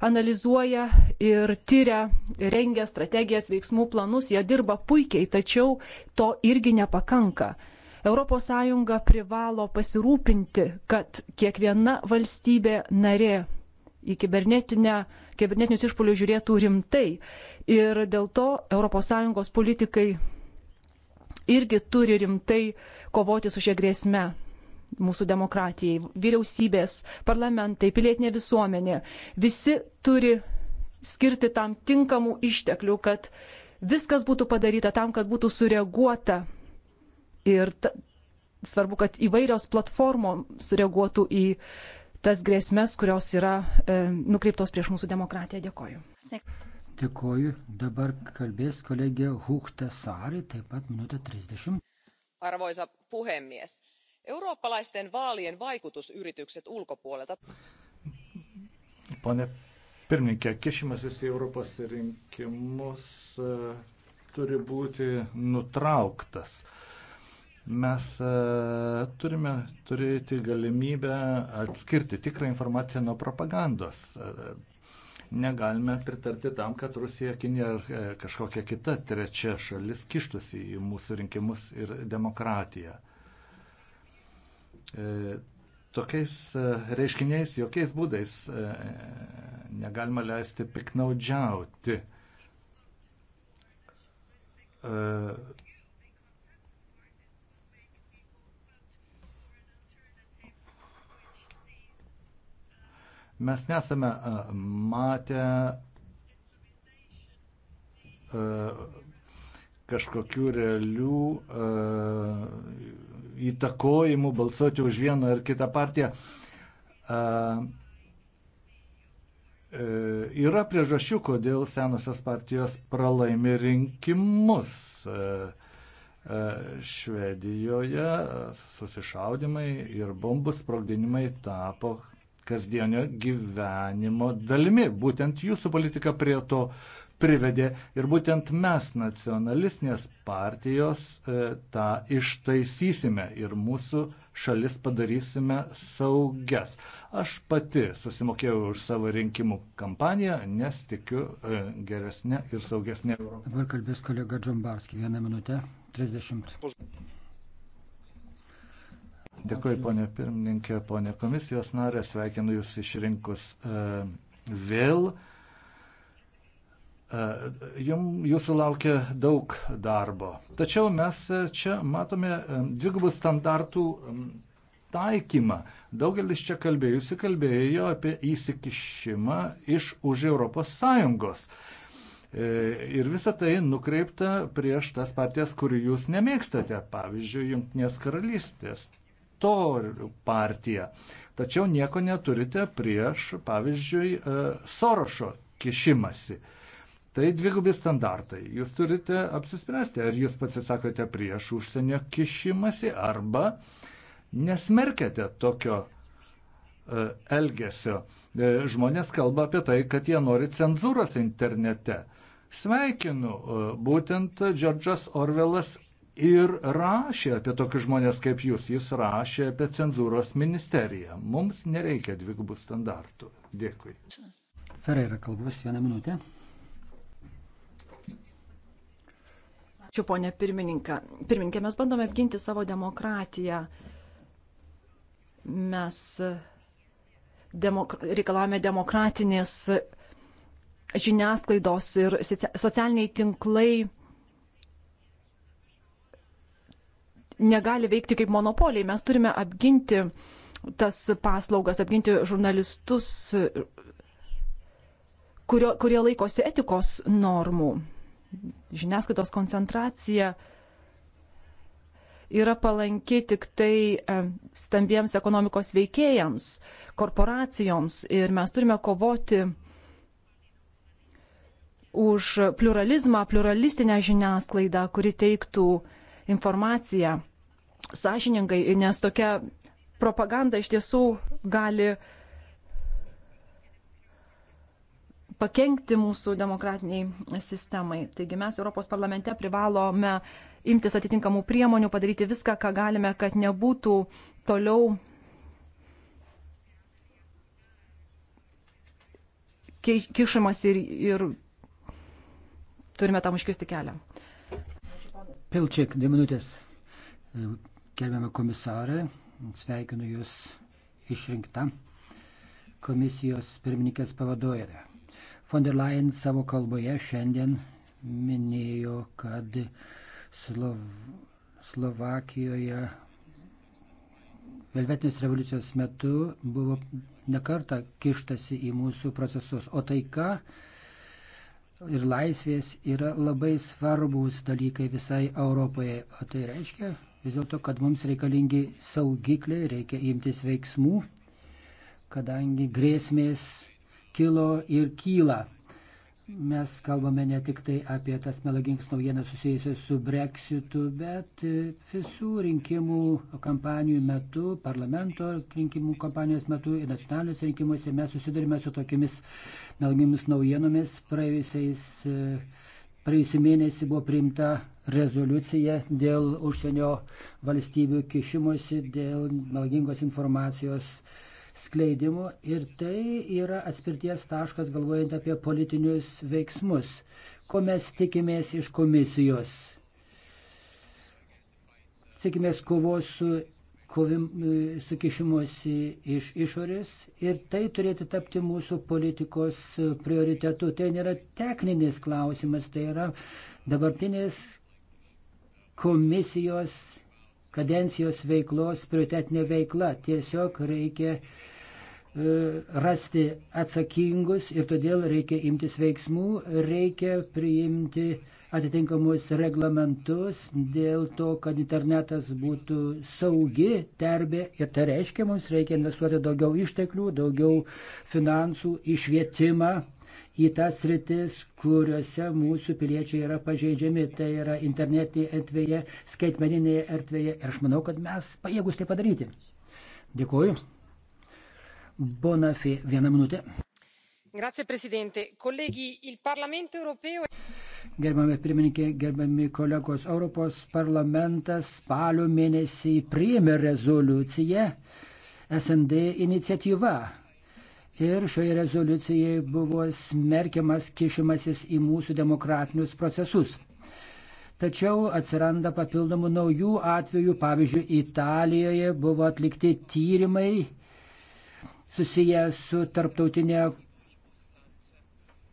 analizuoja ir tyria, rengia strategijas, veiksmų planus, jie dirba puikiai, tačiau to irgi nepakanka. ES privalo pasirūpinti, kad kiekviena valstybė narė į kibernetinius išpolius žiūrėtų rimtai. Ir dėl to ES politikai irgi turi rimtai kovoti su šia grėsme mūsų demokratijai. Vyriausybės, parlamentai, pilietinė visuomenė. Visi turi skirti tam tinkamų išteklių, kad viskas būtų padaryta tam, kad būtų sureaguota. Ir ta, svarbu, kad įvairios platformos reaguotų į tas grėsmės, kurios yra e, nukreiptos prieš mūsų demokratiją. Dėkoju. Dėkoju. Dabar kalbės kolegė Hukta Sari, taip pat minutė 30. Arvoisa puhemies eurooppalaisten vaalien vaikutusyritykset ulkopuolelta. Pane pirmininkė, kišimasis į Europos rinkimus e, turi būti nutrauktas. Mes e, turime turėti galimybę atskirti tikrą informaciją nuo propagandos. E, negalime pritarti tam, kad Rusija, Kinija ar kažkokia kita trečia šalis kištusi į mūsų rinkimus ir demokratiją. E, tokiais e, reiškiniais jokiais būdais e, negalima leisti piknaudžiauti. Mes nesame matę kažkokių realių įtakojimu balsuoti už vieną ar kitą partiją. E, yra priežasčių, kodėl senosios partijos pralaimi rinkimus. Švedijoje susišaudimai ir bombų sprogdinimai tapo kasdienio gyvenimo dalimi. Būtent jūsų politika prie to privedė ir būtent mes, nacionalistinės partijos, e, tą ištaisysime ir mūsų šalis padarysime saugias. Aš pati susimokėjau už savo rinkimų kampaniją, nes tikiu e, geresnė ir saugesnė Europą. Dabar kalbės kolega Džombarski, vieną minutę, 30. Dėkuoju, ponė pirmininkė, ponė komisijos narė, sveikinu Jūs išrinkus e, vėl. Uh, E, jum, jūsų laukia daug darbo. Tačiau mes čia matome e, dvigubų standartų e, taikymą. Daugelis čia kalbėjusi kalbėjo apie įsikišimą iš už ES. Ir visa tai nukreipta prieš tas partijas, kurių jūs nemėgstate, pavyzdžiui, Junktinės karalystės totorių partiją. Tačiau nieko neturite prieš, pavyzdžiui, Sorošo kišimasi. Tai dvigubi standartai. Jūs turite apsispręsti, ar jūs pasisakote prieš užsienio kišimasi, arba nesmerkėte tokio uh, elgesio. E, žmonės kalba apie tai, kad jie nori cenzūros internete. Sveikinu, uh, būtent Džordžas Orvelas ir rašė apie tokius žmonės kaip jūs. Jis rašė apie cenzūros ministeriją. Mums nereikia dvigubų standartų. Dėkui. Ferreira, kalbus vieną minutę. Ačiū, ponė pirmininkė. Pirmininkė, mes bandome apginti savo demokratiją. Mes demok reikalavome demokratinės žiniasklaidos ir socialiniai tinklai negali veikti kaip monopoliai. Mes turime apginti tas paslaugas, apginti žurnalistus, kurio, kurie laikosi etikos normų žiniasklaidos koncentracija yra palanki tik tai e, stambiems ekonomikos veikėjams, korporacijoms ir mes turime kovoti už pluralizmą, pluralistinę žiniasklaidą, kuri teiktų informaciją sąžiningai, nes tokia propaganda iš tiesų gali pakengti mūsų demokratiniai sistemai. Taigi mes Europos parlamente privalome imtis atitinkamų priemonių, padaryti viską, ką galime, kad nebūtų toliau kišamas ir, ir turime tam užkisti kelią. Pilčiak, dvi minutės. Kelbėme komisarą, sveikinu Jūs išrinktą komisijos pirmininkės pavaduotoją. Von der Leyen savo kalboje šiandien minėjo, kad Slov... Slovakijoje Velvetinės revoliucijos metu buvo nekarta kištasi į mūsų procesus, o taika ir laisvės yra labai svarbus dalykai visai Europoje. O tai reiškia vis dėlto, kad mums reikalingi saugikliai, reikia imtis veiksmų, kadangi grėsmės kilo ir kyla. Mes kalbame ne tik tai apie tas melagings naujienas susijusias su breksitu, bet visų rinkimų kampanijų metu, parlamento rinkimų kampanijos metu ir nacionalinius rinkimuose mes susidurime su tokiamis melagingomis naujienomis. Praėjusiais, praėjusiu mėnesį buvo priimta rezoliucija dėl užsienio valstybių kišimusi, dėl melagingos informacijos uh, skleidimu ir tai yra atspirties taškas galvojant apie politinius veiksmus, ko mes tikimės iš komisijos. Tikimės kovos su, kovim, su kišimuosi iš išorės ir tai turėtų tapti mūsų politikos prioritetu. Tai nėra techninis klausimas, tai yra dabartinės komisijos kadencijos veiklos prioritetinė veikla. Tiesiog reikia E, rasti atsakingus ir todėl reikia imtis veiksmų, reikia priimti atitinkamus reglamentus dėl to, kad internetas būtų saugi terbė ir tai reiškia, mums reikia investuoti daugiau išteklių, daugiau finansų, išvietimą į tas rytis, kuriuose mūsų piliečiai yra pažeidžiami, tai yra internetinėje erdvėje, skaitmeninėje erdvėje ir aš manau, kad mes pajėgus tai padaryti. Dėkuoju. Bonafė, vieną minutę. Grazie, Presidente. Kolegi, il Parlamento europeo. Gerbiami pirmininkė, gerbiami kolegos, Europos parlamentas spalio mėnesį priėmė rezoliuciją SND iniciatyva. Ir šioje rezoliucijoje buvo smerkiamas kišimasis į mūsų demokratinius procesus. Tačiau atsiranda papildomų naujų atvejų, pavyzdžiui, Italijoje buvo atlikti tyrimai susiję su tarptautinė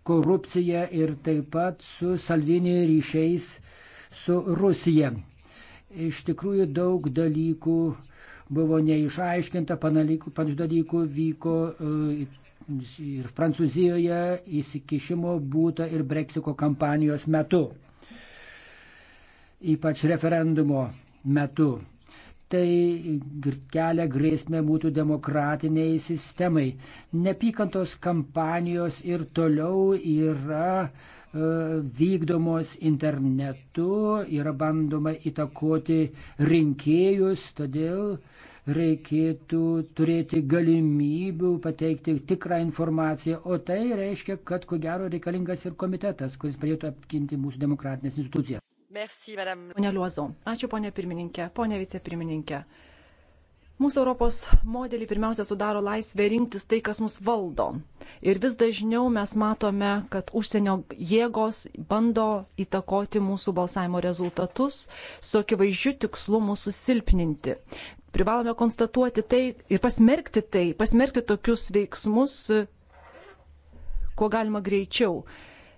korupcija ir taip pat su Salvini ryšiais su Rusija. Iš tikrųjų daug dalykų buvo neišaiškinta, panašių dalykų vyko e, ir Prancūzijoje įsikišimo būta ir Brexiko kampanijos metu, ypač referendumo metu tai kelia grėsmę mūsų demokratiniai sistemai. Nepykantos kampanijos ir toliau yra e, vykdomos internetu, yra bandoma įtakoti rinkėjus, todėl reikėtų turėti galimybių pateikti tikrą informaciją, o tai reiškia, kad ko gero reikalingas ir komitetas, kuris padėtų apginti mūsų demokratinės institucijas. Merci, madame. Pone Liuozo, ačiū ponė pirmininkė, ponė vicepirmininkė. Mūsų Europos modelį pirmiausia sudaro laisvė rinktis tai, kas mus valdo. Ir vis dažniau mes matome, kad užsienio jėgos bando įtakoti mūsų balsavimo rezultatus su akivaizdžiu tikslu mūsų silpninti. Privalome konstatuoti tai ir pasmerkti tai, pasmerkti tokius veiksmus, kuo galima greičiau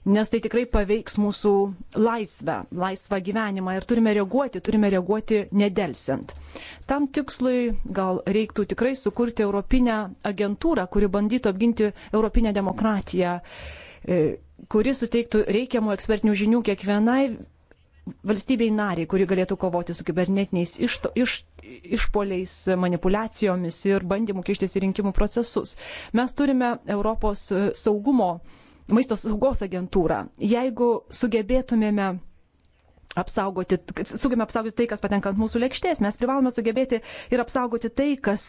nes tai tikrai paveiks mūsų laisvę, laisvą gyvenimą ir turime reaguoti, turime reaguoti nedelsiant. Tam tikslui gal reiktų tikrai sukurti Europinę agentūrą, kuri bandytų apginti Europinę demokratiją, e, kuri suteiktų reikiamų ekspertinių žinių kiekvienai valstybei nariai, kuri galėtų kovoti su kibernetiniais išto, iš, išpoliais, manipulacijomis ir bandymu kištis į rinkimų procesus. Mes turime Europos saugumo uh, maisto saugos agentūrą. Jeigu sugebėtumėme apsaugoti, sugebėtume apsaugoti tai, kas patenka ant mūsų lėkštės, mes privalome sugebėti ir apsaugoti tai, kas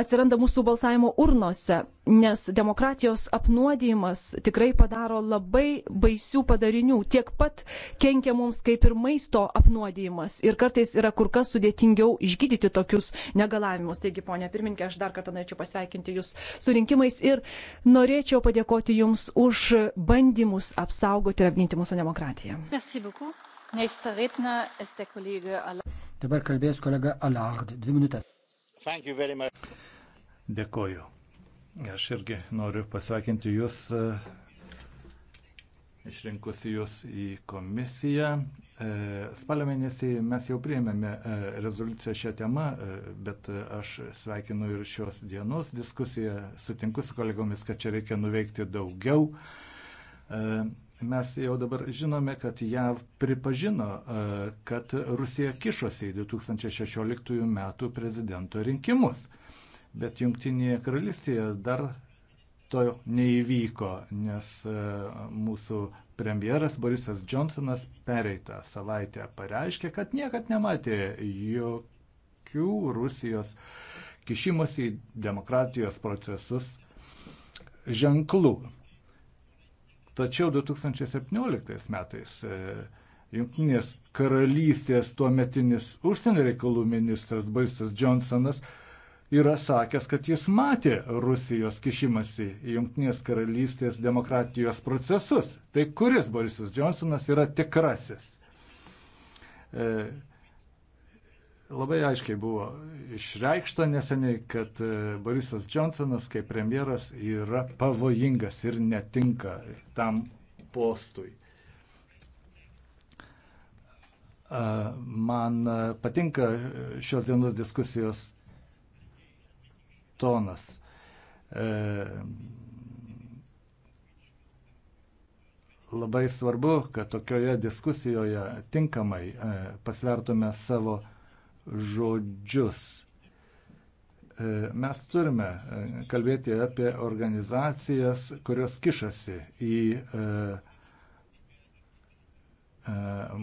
atsiranda mūsų balsavimo urnose, nes demokratijos apnuodijimas tikrai padaro labai baisių padarinių, tiek pat kenkia mums kaip ir maisto apnuodijimas ir kartais yra kur kas sudėtingiau išgydyti tokius negalavimus. Taigi, ponė pirmininkė, aš dar kartą norėčiau pasveikinti Jūs su rinkimais ir norėčiau padėkoti Jums už bandymus apsaugoti ir apginti mūsų demokratiją. Dabar kalbės kolega Alard, dvi minutės. Dėkoju. Aš irgi noriu pasveikinti Jūs, e, išrinkusi Jūs į komisiją. E, spalio mėnesį mes jau priėmėme e, rezoliuciją šią temą, bet aš sveikinu ir šios dienos diskusiją. Sutinku su kolegomis, kad čia reikia nuveikti daugiau. Mes jau dabar žinome, kad JAV pripažino, e, kad Rusija kišosi į 2016 metų prezidento rinkimus. Bet Junktinėje karalystėje dar to neįvyko, nes e, mūsų premjeras Borisas Johnsonas pereitą savaitę pareiškė, kad niekad nematė jokių Rusijos kišimas į demokratijos procesus ženklų. Tačiau 2017 metais e, Junktinės karalystės tuo metinis užsienio reikalų ministras Balsas Johnsonas yra sakęs, kad jis matė Rusijos kišimasi į Junktinės karalystės demokratijos procesus. Tai kuris Borisas Johnsonas yra tikrasis? E, Labai aiškiai buvo išreikšta neseniai, kad e, Borisas Johnsonas kaip premjeras yra pavojingas ir netinka tam postui. E, man e, patinka šios dienos diskusijos tonas. Labai svarbu, kad tokioje diskusijoje tinkamai pasvertume savo žodžius. E, mes turime e, kalbėti apie organizacijas, kurios kišasi į e,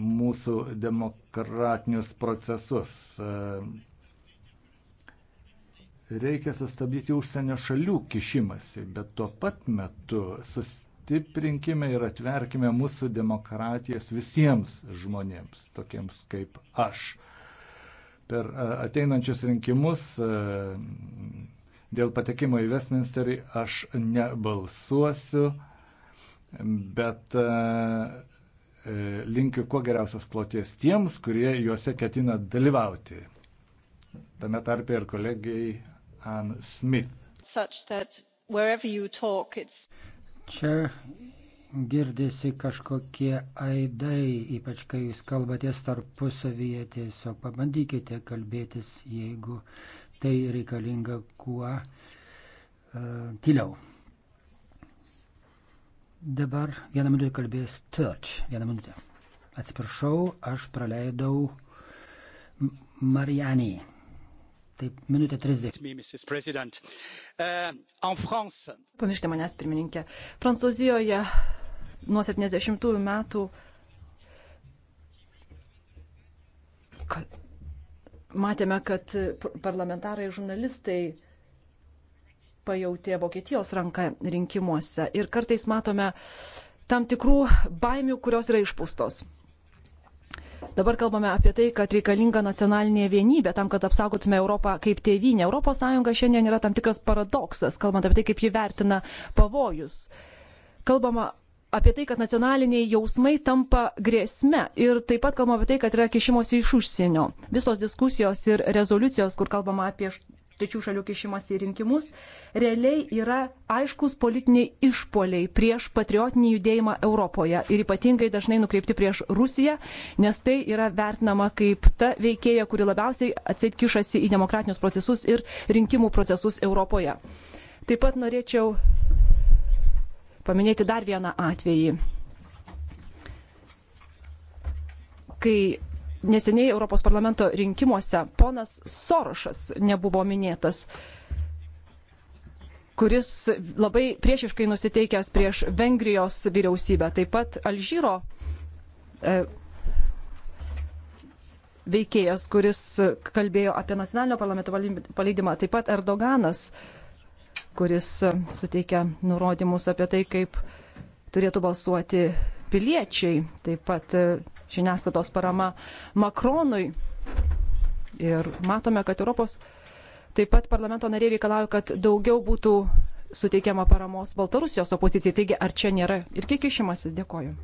mūsų demokratinius procesus. Reikia sustabdyti užsienio šalių kišimasi, bet tuo pat metu sustiprinkime ir atverkime mūsų demokratijas visiems žmonėms, tokiems kaip aš per ateinančius rinkimus dėl patekimo į Westminsterį aš nebalsuosiu, bet e, linkiu kuo geriausios ploties tiems, kurie juose ketina dalyvauti. Tame tarpe ir kolegijai Ann Smith. Čia girdisi kažkokie aidai, ypač kai jūs kalbatės tarpusavyje, tiesiog pabandykite kalbėtis, jeigu tai reikalinga kuo e, tyliau. Dabar vieną minutę kalbės Turch. Vieną minutę. Atsiprašau, aš praleidau Marianį. Taip, minutė 30. E, Pamirškite manęs, pirmininkė. Prancūzijoje nuo 70 metų kad matėme, kad parlamentarai ir žurnalistai pajautė Vokietijos ranką rinkimuose ir kartais matome tam tikrų baimių, kurios yra išpūstos. Dabar kalbame apie tai, kad reikalinga nacionalinė vienybė tam, kad apsaugotume Europą kaip tėvynę. Europos Sąjunga šiandien yra tam tikras paradoksas, kalbant apie tai, kaip ji vertina pavojus. Kalbama apie tai, kad nacionaliniai jausmai tampa grėsme ir taip pat kalbama apie tai, kad yra kišimosi iš užsienio. Visos diskusijos ir rezoliucijos, kur kalbama apie trečių šalių kišimasi į rinkimus, realiai yra aiškus politiniai išpoliai prieš patriotinį judėjimą Europoje ir ypatingai dažnai nukreipti prieš Rusiją, nes tai yra vertinama kaip ta veikėja, kuri labiausiai atsit kišasi į demokratinius procesus ir rinkimų procesus Europoje. Taip pat norėčiau paminėti dar vieną atvejį. Kai neseniai Europos parlamento rinkimuose ponas Sorošas nebuvo minėtas, kuris labai priešiškai nusiteikęs prieš Vengrijos vyriausybę, taip pat Alžyro e, veikėjas, kuris kalbėjo apie nacionalinio parlamento paleidimą, taip pat Erdoganas. E, kuris e, suteikia nurodymus apie tai, kaip turėtų balsuoti piliečiai, taip pat e, žiniasklaidos parama Makronui. Ir matome, kad Europos taip pat parlamento nariai reikalauja, kad daugiau būtų suteikiama paramos Baltarusijos opozicijai. Taigi, ar čia nėra ir kiek išimasis? Dėkoju.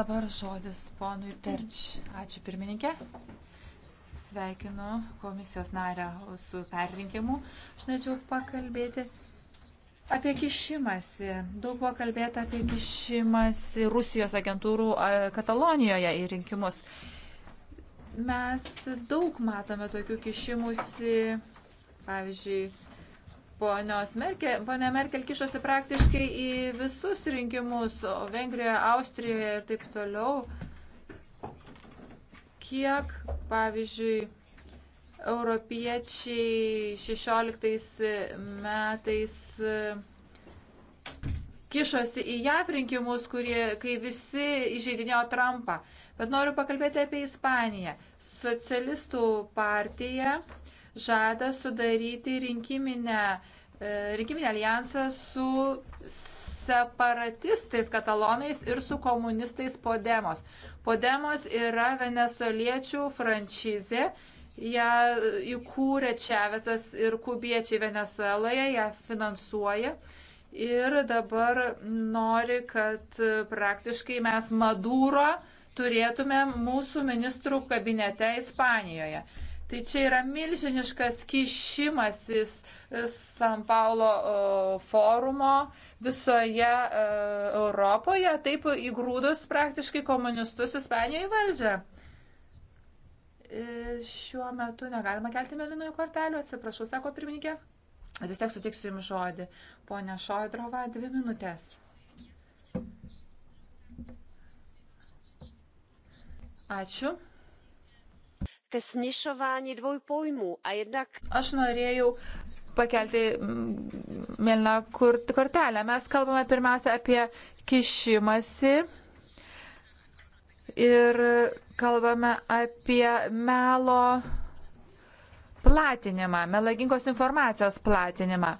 Dabar žodis ponui Perč. Ačiū pirmininkė. Sveikinu komisijos narę su perrinkimu. Aš norėčiau pakalbėti apie kišimąsi. Daug buvo kalbėta apie kišimąsi Rusijos agentūrų Katalonijoje į rinkimus. Mes daug matome tokių kišimusi, pavyzdžiui, Ponios Merkel, ponia Merkel kišosi praktiškai į visus rinkimus, o Vengrijoje, Austrijoje ir taip toliau kiek, pavyzdžiui, europiečiai 16 metais e, kišosi į JAV rinkimus, kurie, kai visi įžeidinėjo Trumpą. Bet noriu pakalbėti apie Ispaniją. Socialistų partija žada sudaryti rinkiminę, e, rinkiminę alijansą su separatistais katalonais ir su komunistais Podemos. Podemos yra venesoliečių franšizė, ją įkūrė Čevesas ir kubiečiai Venezueloje, ją finansuoja. Ir dabar nori, kad praktiškai mes Maduro turėtume mūsų ministrų kabinete Ispanijoje. Tai čia yra milžiniškas kišimasis e, San Paulo e, forumo visoje e, Europoje, taip įgrūdus praktiškai komunistus Ispanijoje valdžią. Šiuo metu negalima kelti mėlynųjų kortelių, atsiprašau, sako pirmininkė. Vis tiek sutiksiu jums žodį. Pone Šoidrova, dvi minutės. Ačiū ke snižování dvou pojmů a jednak. Aš norėjau pakelti mm, mėlyną kortelę. Mes kalbame pirmiausia apie kišimasi ir kalbame apie melo platinimą, melagingos informacijos platinimą.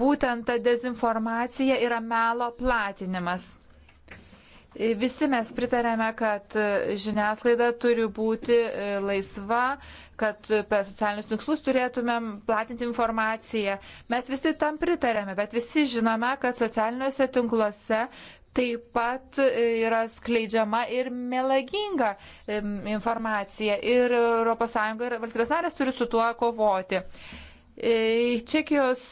Būtent ta dezinformacija yra melo platinimas. Visi mes pritarėme, kad žiniasklaida turi būti e, laisva, kad per socialinius tikslus turėtumėm platinti informaciją. Mes visi tam pritarėme, bet visi žinome, kad socialiniuose tinkluose taip pat e, yra skleidžiama ir melaginga informacija. Ir ES ir valstybės narės turi su tuo kovoti. E, Čekijos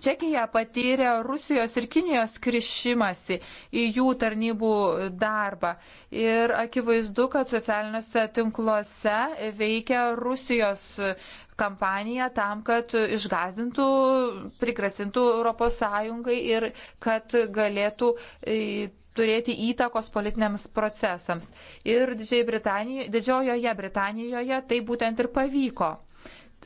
Čekija patyrė Rusijos ir Kinijos krišimasi į jų tarnybų darbą. Ir akivaizdu, kad socialiniuose tinkluose veikia Rusijos kampanija tam, kad išgazdintų, prigrasintų ES ir kad galėtų e, turėti įtakos politiniams procesams. Ir Didžiojoje Britanijoje tai būtent ir pavyko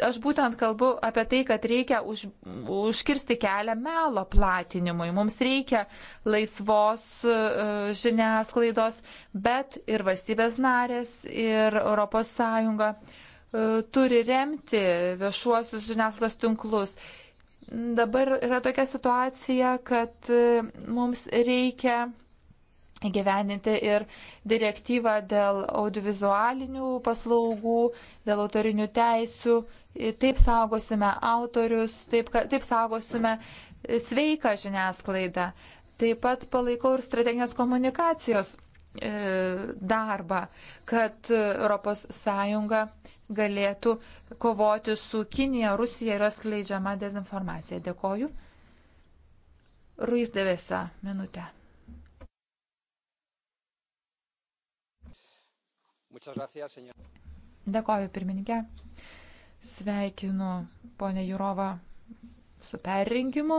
aš būtent kalbu apie tai, kad reikia už, užkirsti kelią melo platinimui. Mums reikia laisvos uh, žiniasklaidos, bet ir valstybės narės, ir ES uh, e, turi remti viešuosius žiniasklaidos tinklus. Dabar yra tokia situacija, kad uh, mums reikia įgyvendinti ir direktyvą dėl audiovizualinių paslaugų, dėl autorinių teisių E, taip saugosime autorius, taip, taip saugosime e, sveiką žiniasklaidą. Taip pat palaikau ir strateginės komunikacijos e, darbą, kad ES galėtų kovoti su Kinija, Rusija yra skleidžiama dezinformacija. Dėkoju. Ruiz Devesa, minutė. Dėkoju, pirmininkė. Sveikinu ponę Jurovą su perrinkimu.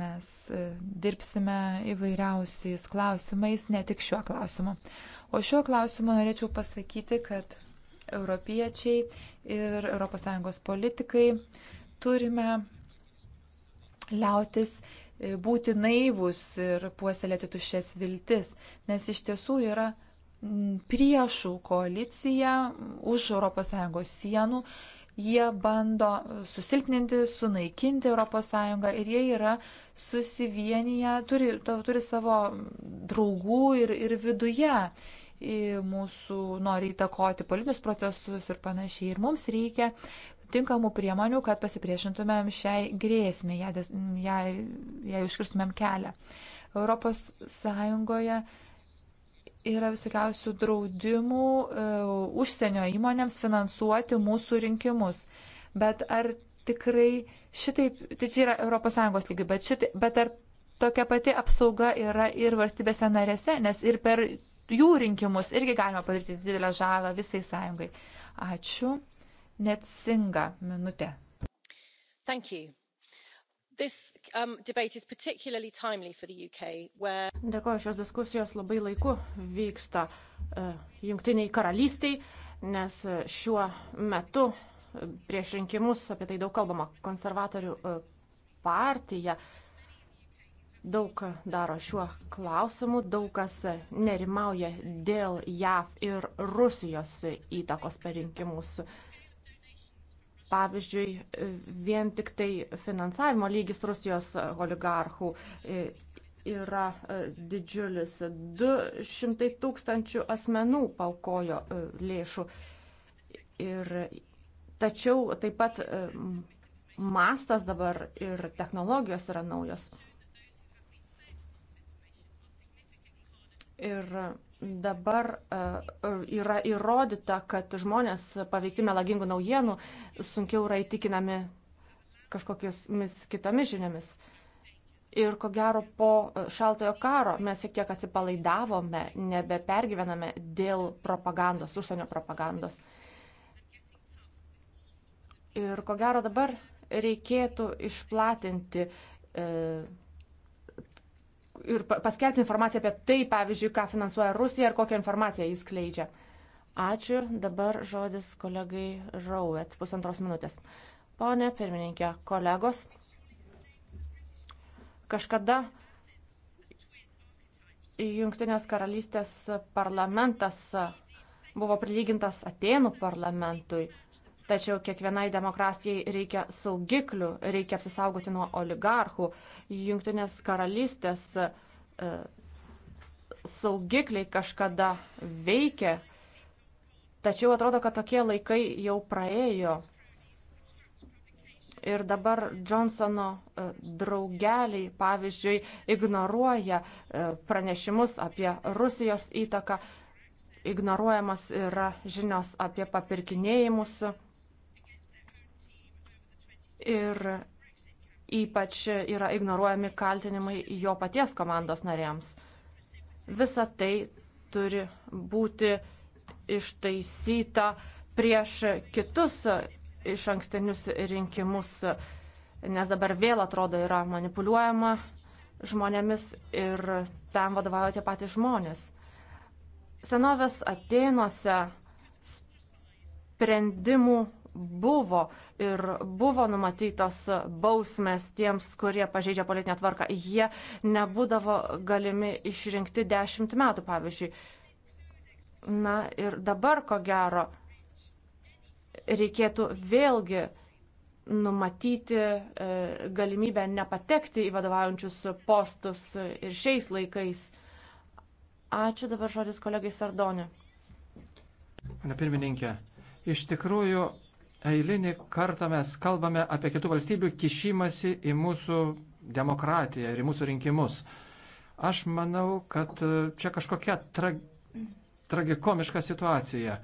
Mes e, dirbsime įvairiausiais klausimais, ne tik šiuo klausimu. O šiuo klausimu norėčiau pasakyti, kad europiečiai ir ES politikai turime liautis e, būti naivus ir puoselėti tušes viltis, nes iš tiesų yra priešų koalicija už ES sienų. Jie bando susilpninti, sunaikinti ES ir jie yra susivienyje, turi, turi savo draugų ir, ir viduje mūsų nori įtakoti politinius procesus ir panašiai. Ir mums reikia tinkamų priemonių, kad pasipriešintumėm šiai grėsmė, jai, jai, jai užkirstumėm kelią. Europos Sąjungoje uh, yra visokiausių draudimų e, užsienio įmonėms finansuoti mūsų rinkimus. Bet ar tikrai šitaip, tai čia yra ES lygių, bet, šitaip, bet ar tokia pati apsauga yra ir valstybėse narėse, nes ir per jų rinkimus irgi galima padaryti didelę žalą visai sąjungai. Ačiū. Net singa minutė. Thank you. This, um, UK, where... Dėkoju, šios diskusijos labai laiku vyksta uh, e, Junktiniai karalystiai, nes e, šiuo metu e, prieš rinkimus apie tai daug kalbama. Konservatorių uh, partija daug daro šiuo klausimu, daug kas nerimauja dėl JAV ir Rusijos įtakos per rinkimus. Uh, Pavyzdžiui, vien tik tai finansavimo lygis Rusijos oligarchų e, yra e, didžiulis. 200 tūkstančių asmenų paukojo e, lėšų. Ir tačiau taip pat mastas dabar ir technologijos yra naujos. Ir dabar e, yra įrodyta, kad žmonės paveikti melagingų naujienų sunkiau yra įtikinami kažkokiamis kitomis žiniomis. Ir ko gero po šaltojo karo mes šiek tiek atsipalaidavome, nebepergyvename dėl propagandos, užsienio propagandos. Ir ko gero dabar reikėtų išplatinti e, ir paskelbti informaciją apie tai, pavyzdžiui, ką finansuoja Rusija ir kokią informaciją jis kleidžia. Ačiū. Dabar žodis kolegai Rauet. Pusantros minutės. Pone pirmininkė, kolegos, kažkada Junktinės karalystės parlamentas buvo prilygintas Atenų parlamentui. Tačiau kiekvienai demokratijai reikia saugiklių, reikia apsisaugoti nuo oligarchų. Junktinės karalystės e, saugikliai kažkada veikė, tačiau atrodo, kad tokie laikai jau praėjo. Ir dabar Johnsono e, draugeliai, pavyzdžiui, ignoruoja e, pranešimus apie Rusijos įtaką, ignoruojamas yra žinios apie papirkinėjimus ir ypač yra ignoruojami kaltinimai jo paties komandos narėms. Visa tai turi būti ištaisyta prieš kitus iš ankstinius rinkimus, nes dabar vėl atrodo yra manipuliuojama žmonėmis ir tam vadovauja tie patys žmonės. Senovės Atenuose sprendimų buvo ir buvo numatytos bausmės tiems, kurie pažeidžia politinę tvarką. Jie nebūdavo galimi išrinkti dešimt metų, pavyzdžiui. Na ir dabar, ko gero, reikėtų vėlgi numatyti e, galimybę nepatekti į vadovaujančius postus ir šiais laikais. Ačiū dabar žodis kolegai Sardonė. Pane pirmininkė, iš tikrųjų eilinį kartą mes kalbame apie kitų valstybių kišimasi į mūsų demokratiją ir į mūsų rinkimus. Aš manau, kad e, čia kažkokia tra... tragikomiška situacija.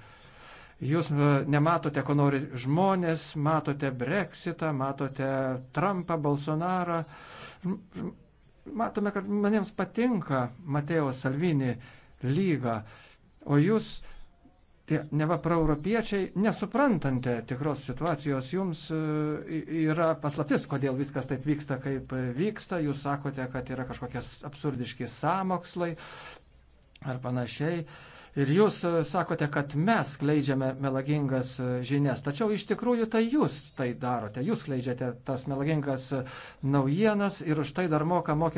Jūs e, nematote, ko nori žmonės, matote Brexitą, matote Trumpą, Bolsonarą. Matome, kad manėms patinka Mateo Salvini lyga, o jūs tie neva praeuropiečiai, nesuprantanti tikros situacijos, jums e, yra paslaptis, kodėl viskas taip vyksta, kaip e, vyksta. Jūs sakote, kad yra kažkokie absurdiški sąmokslai ar panašiai. Ir jūs e, sakote, kad mes kleidžiame melagingas žinias, tačiau iš tikrųjų tai jūs tai darote, jūs kleidžiate tas melagingas naujienas ir už tai dar moka mokesčių.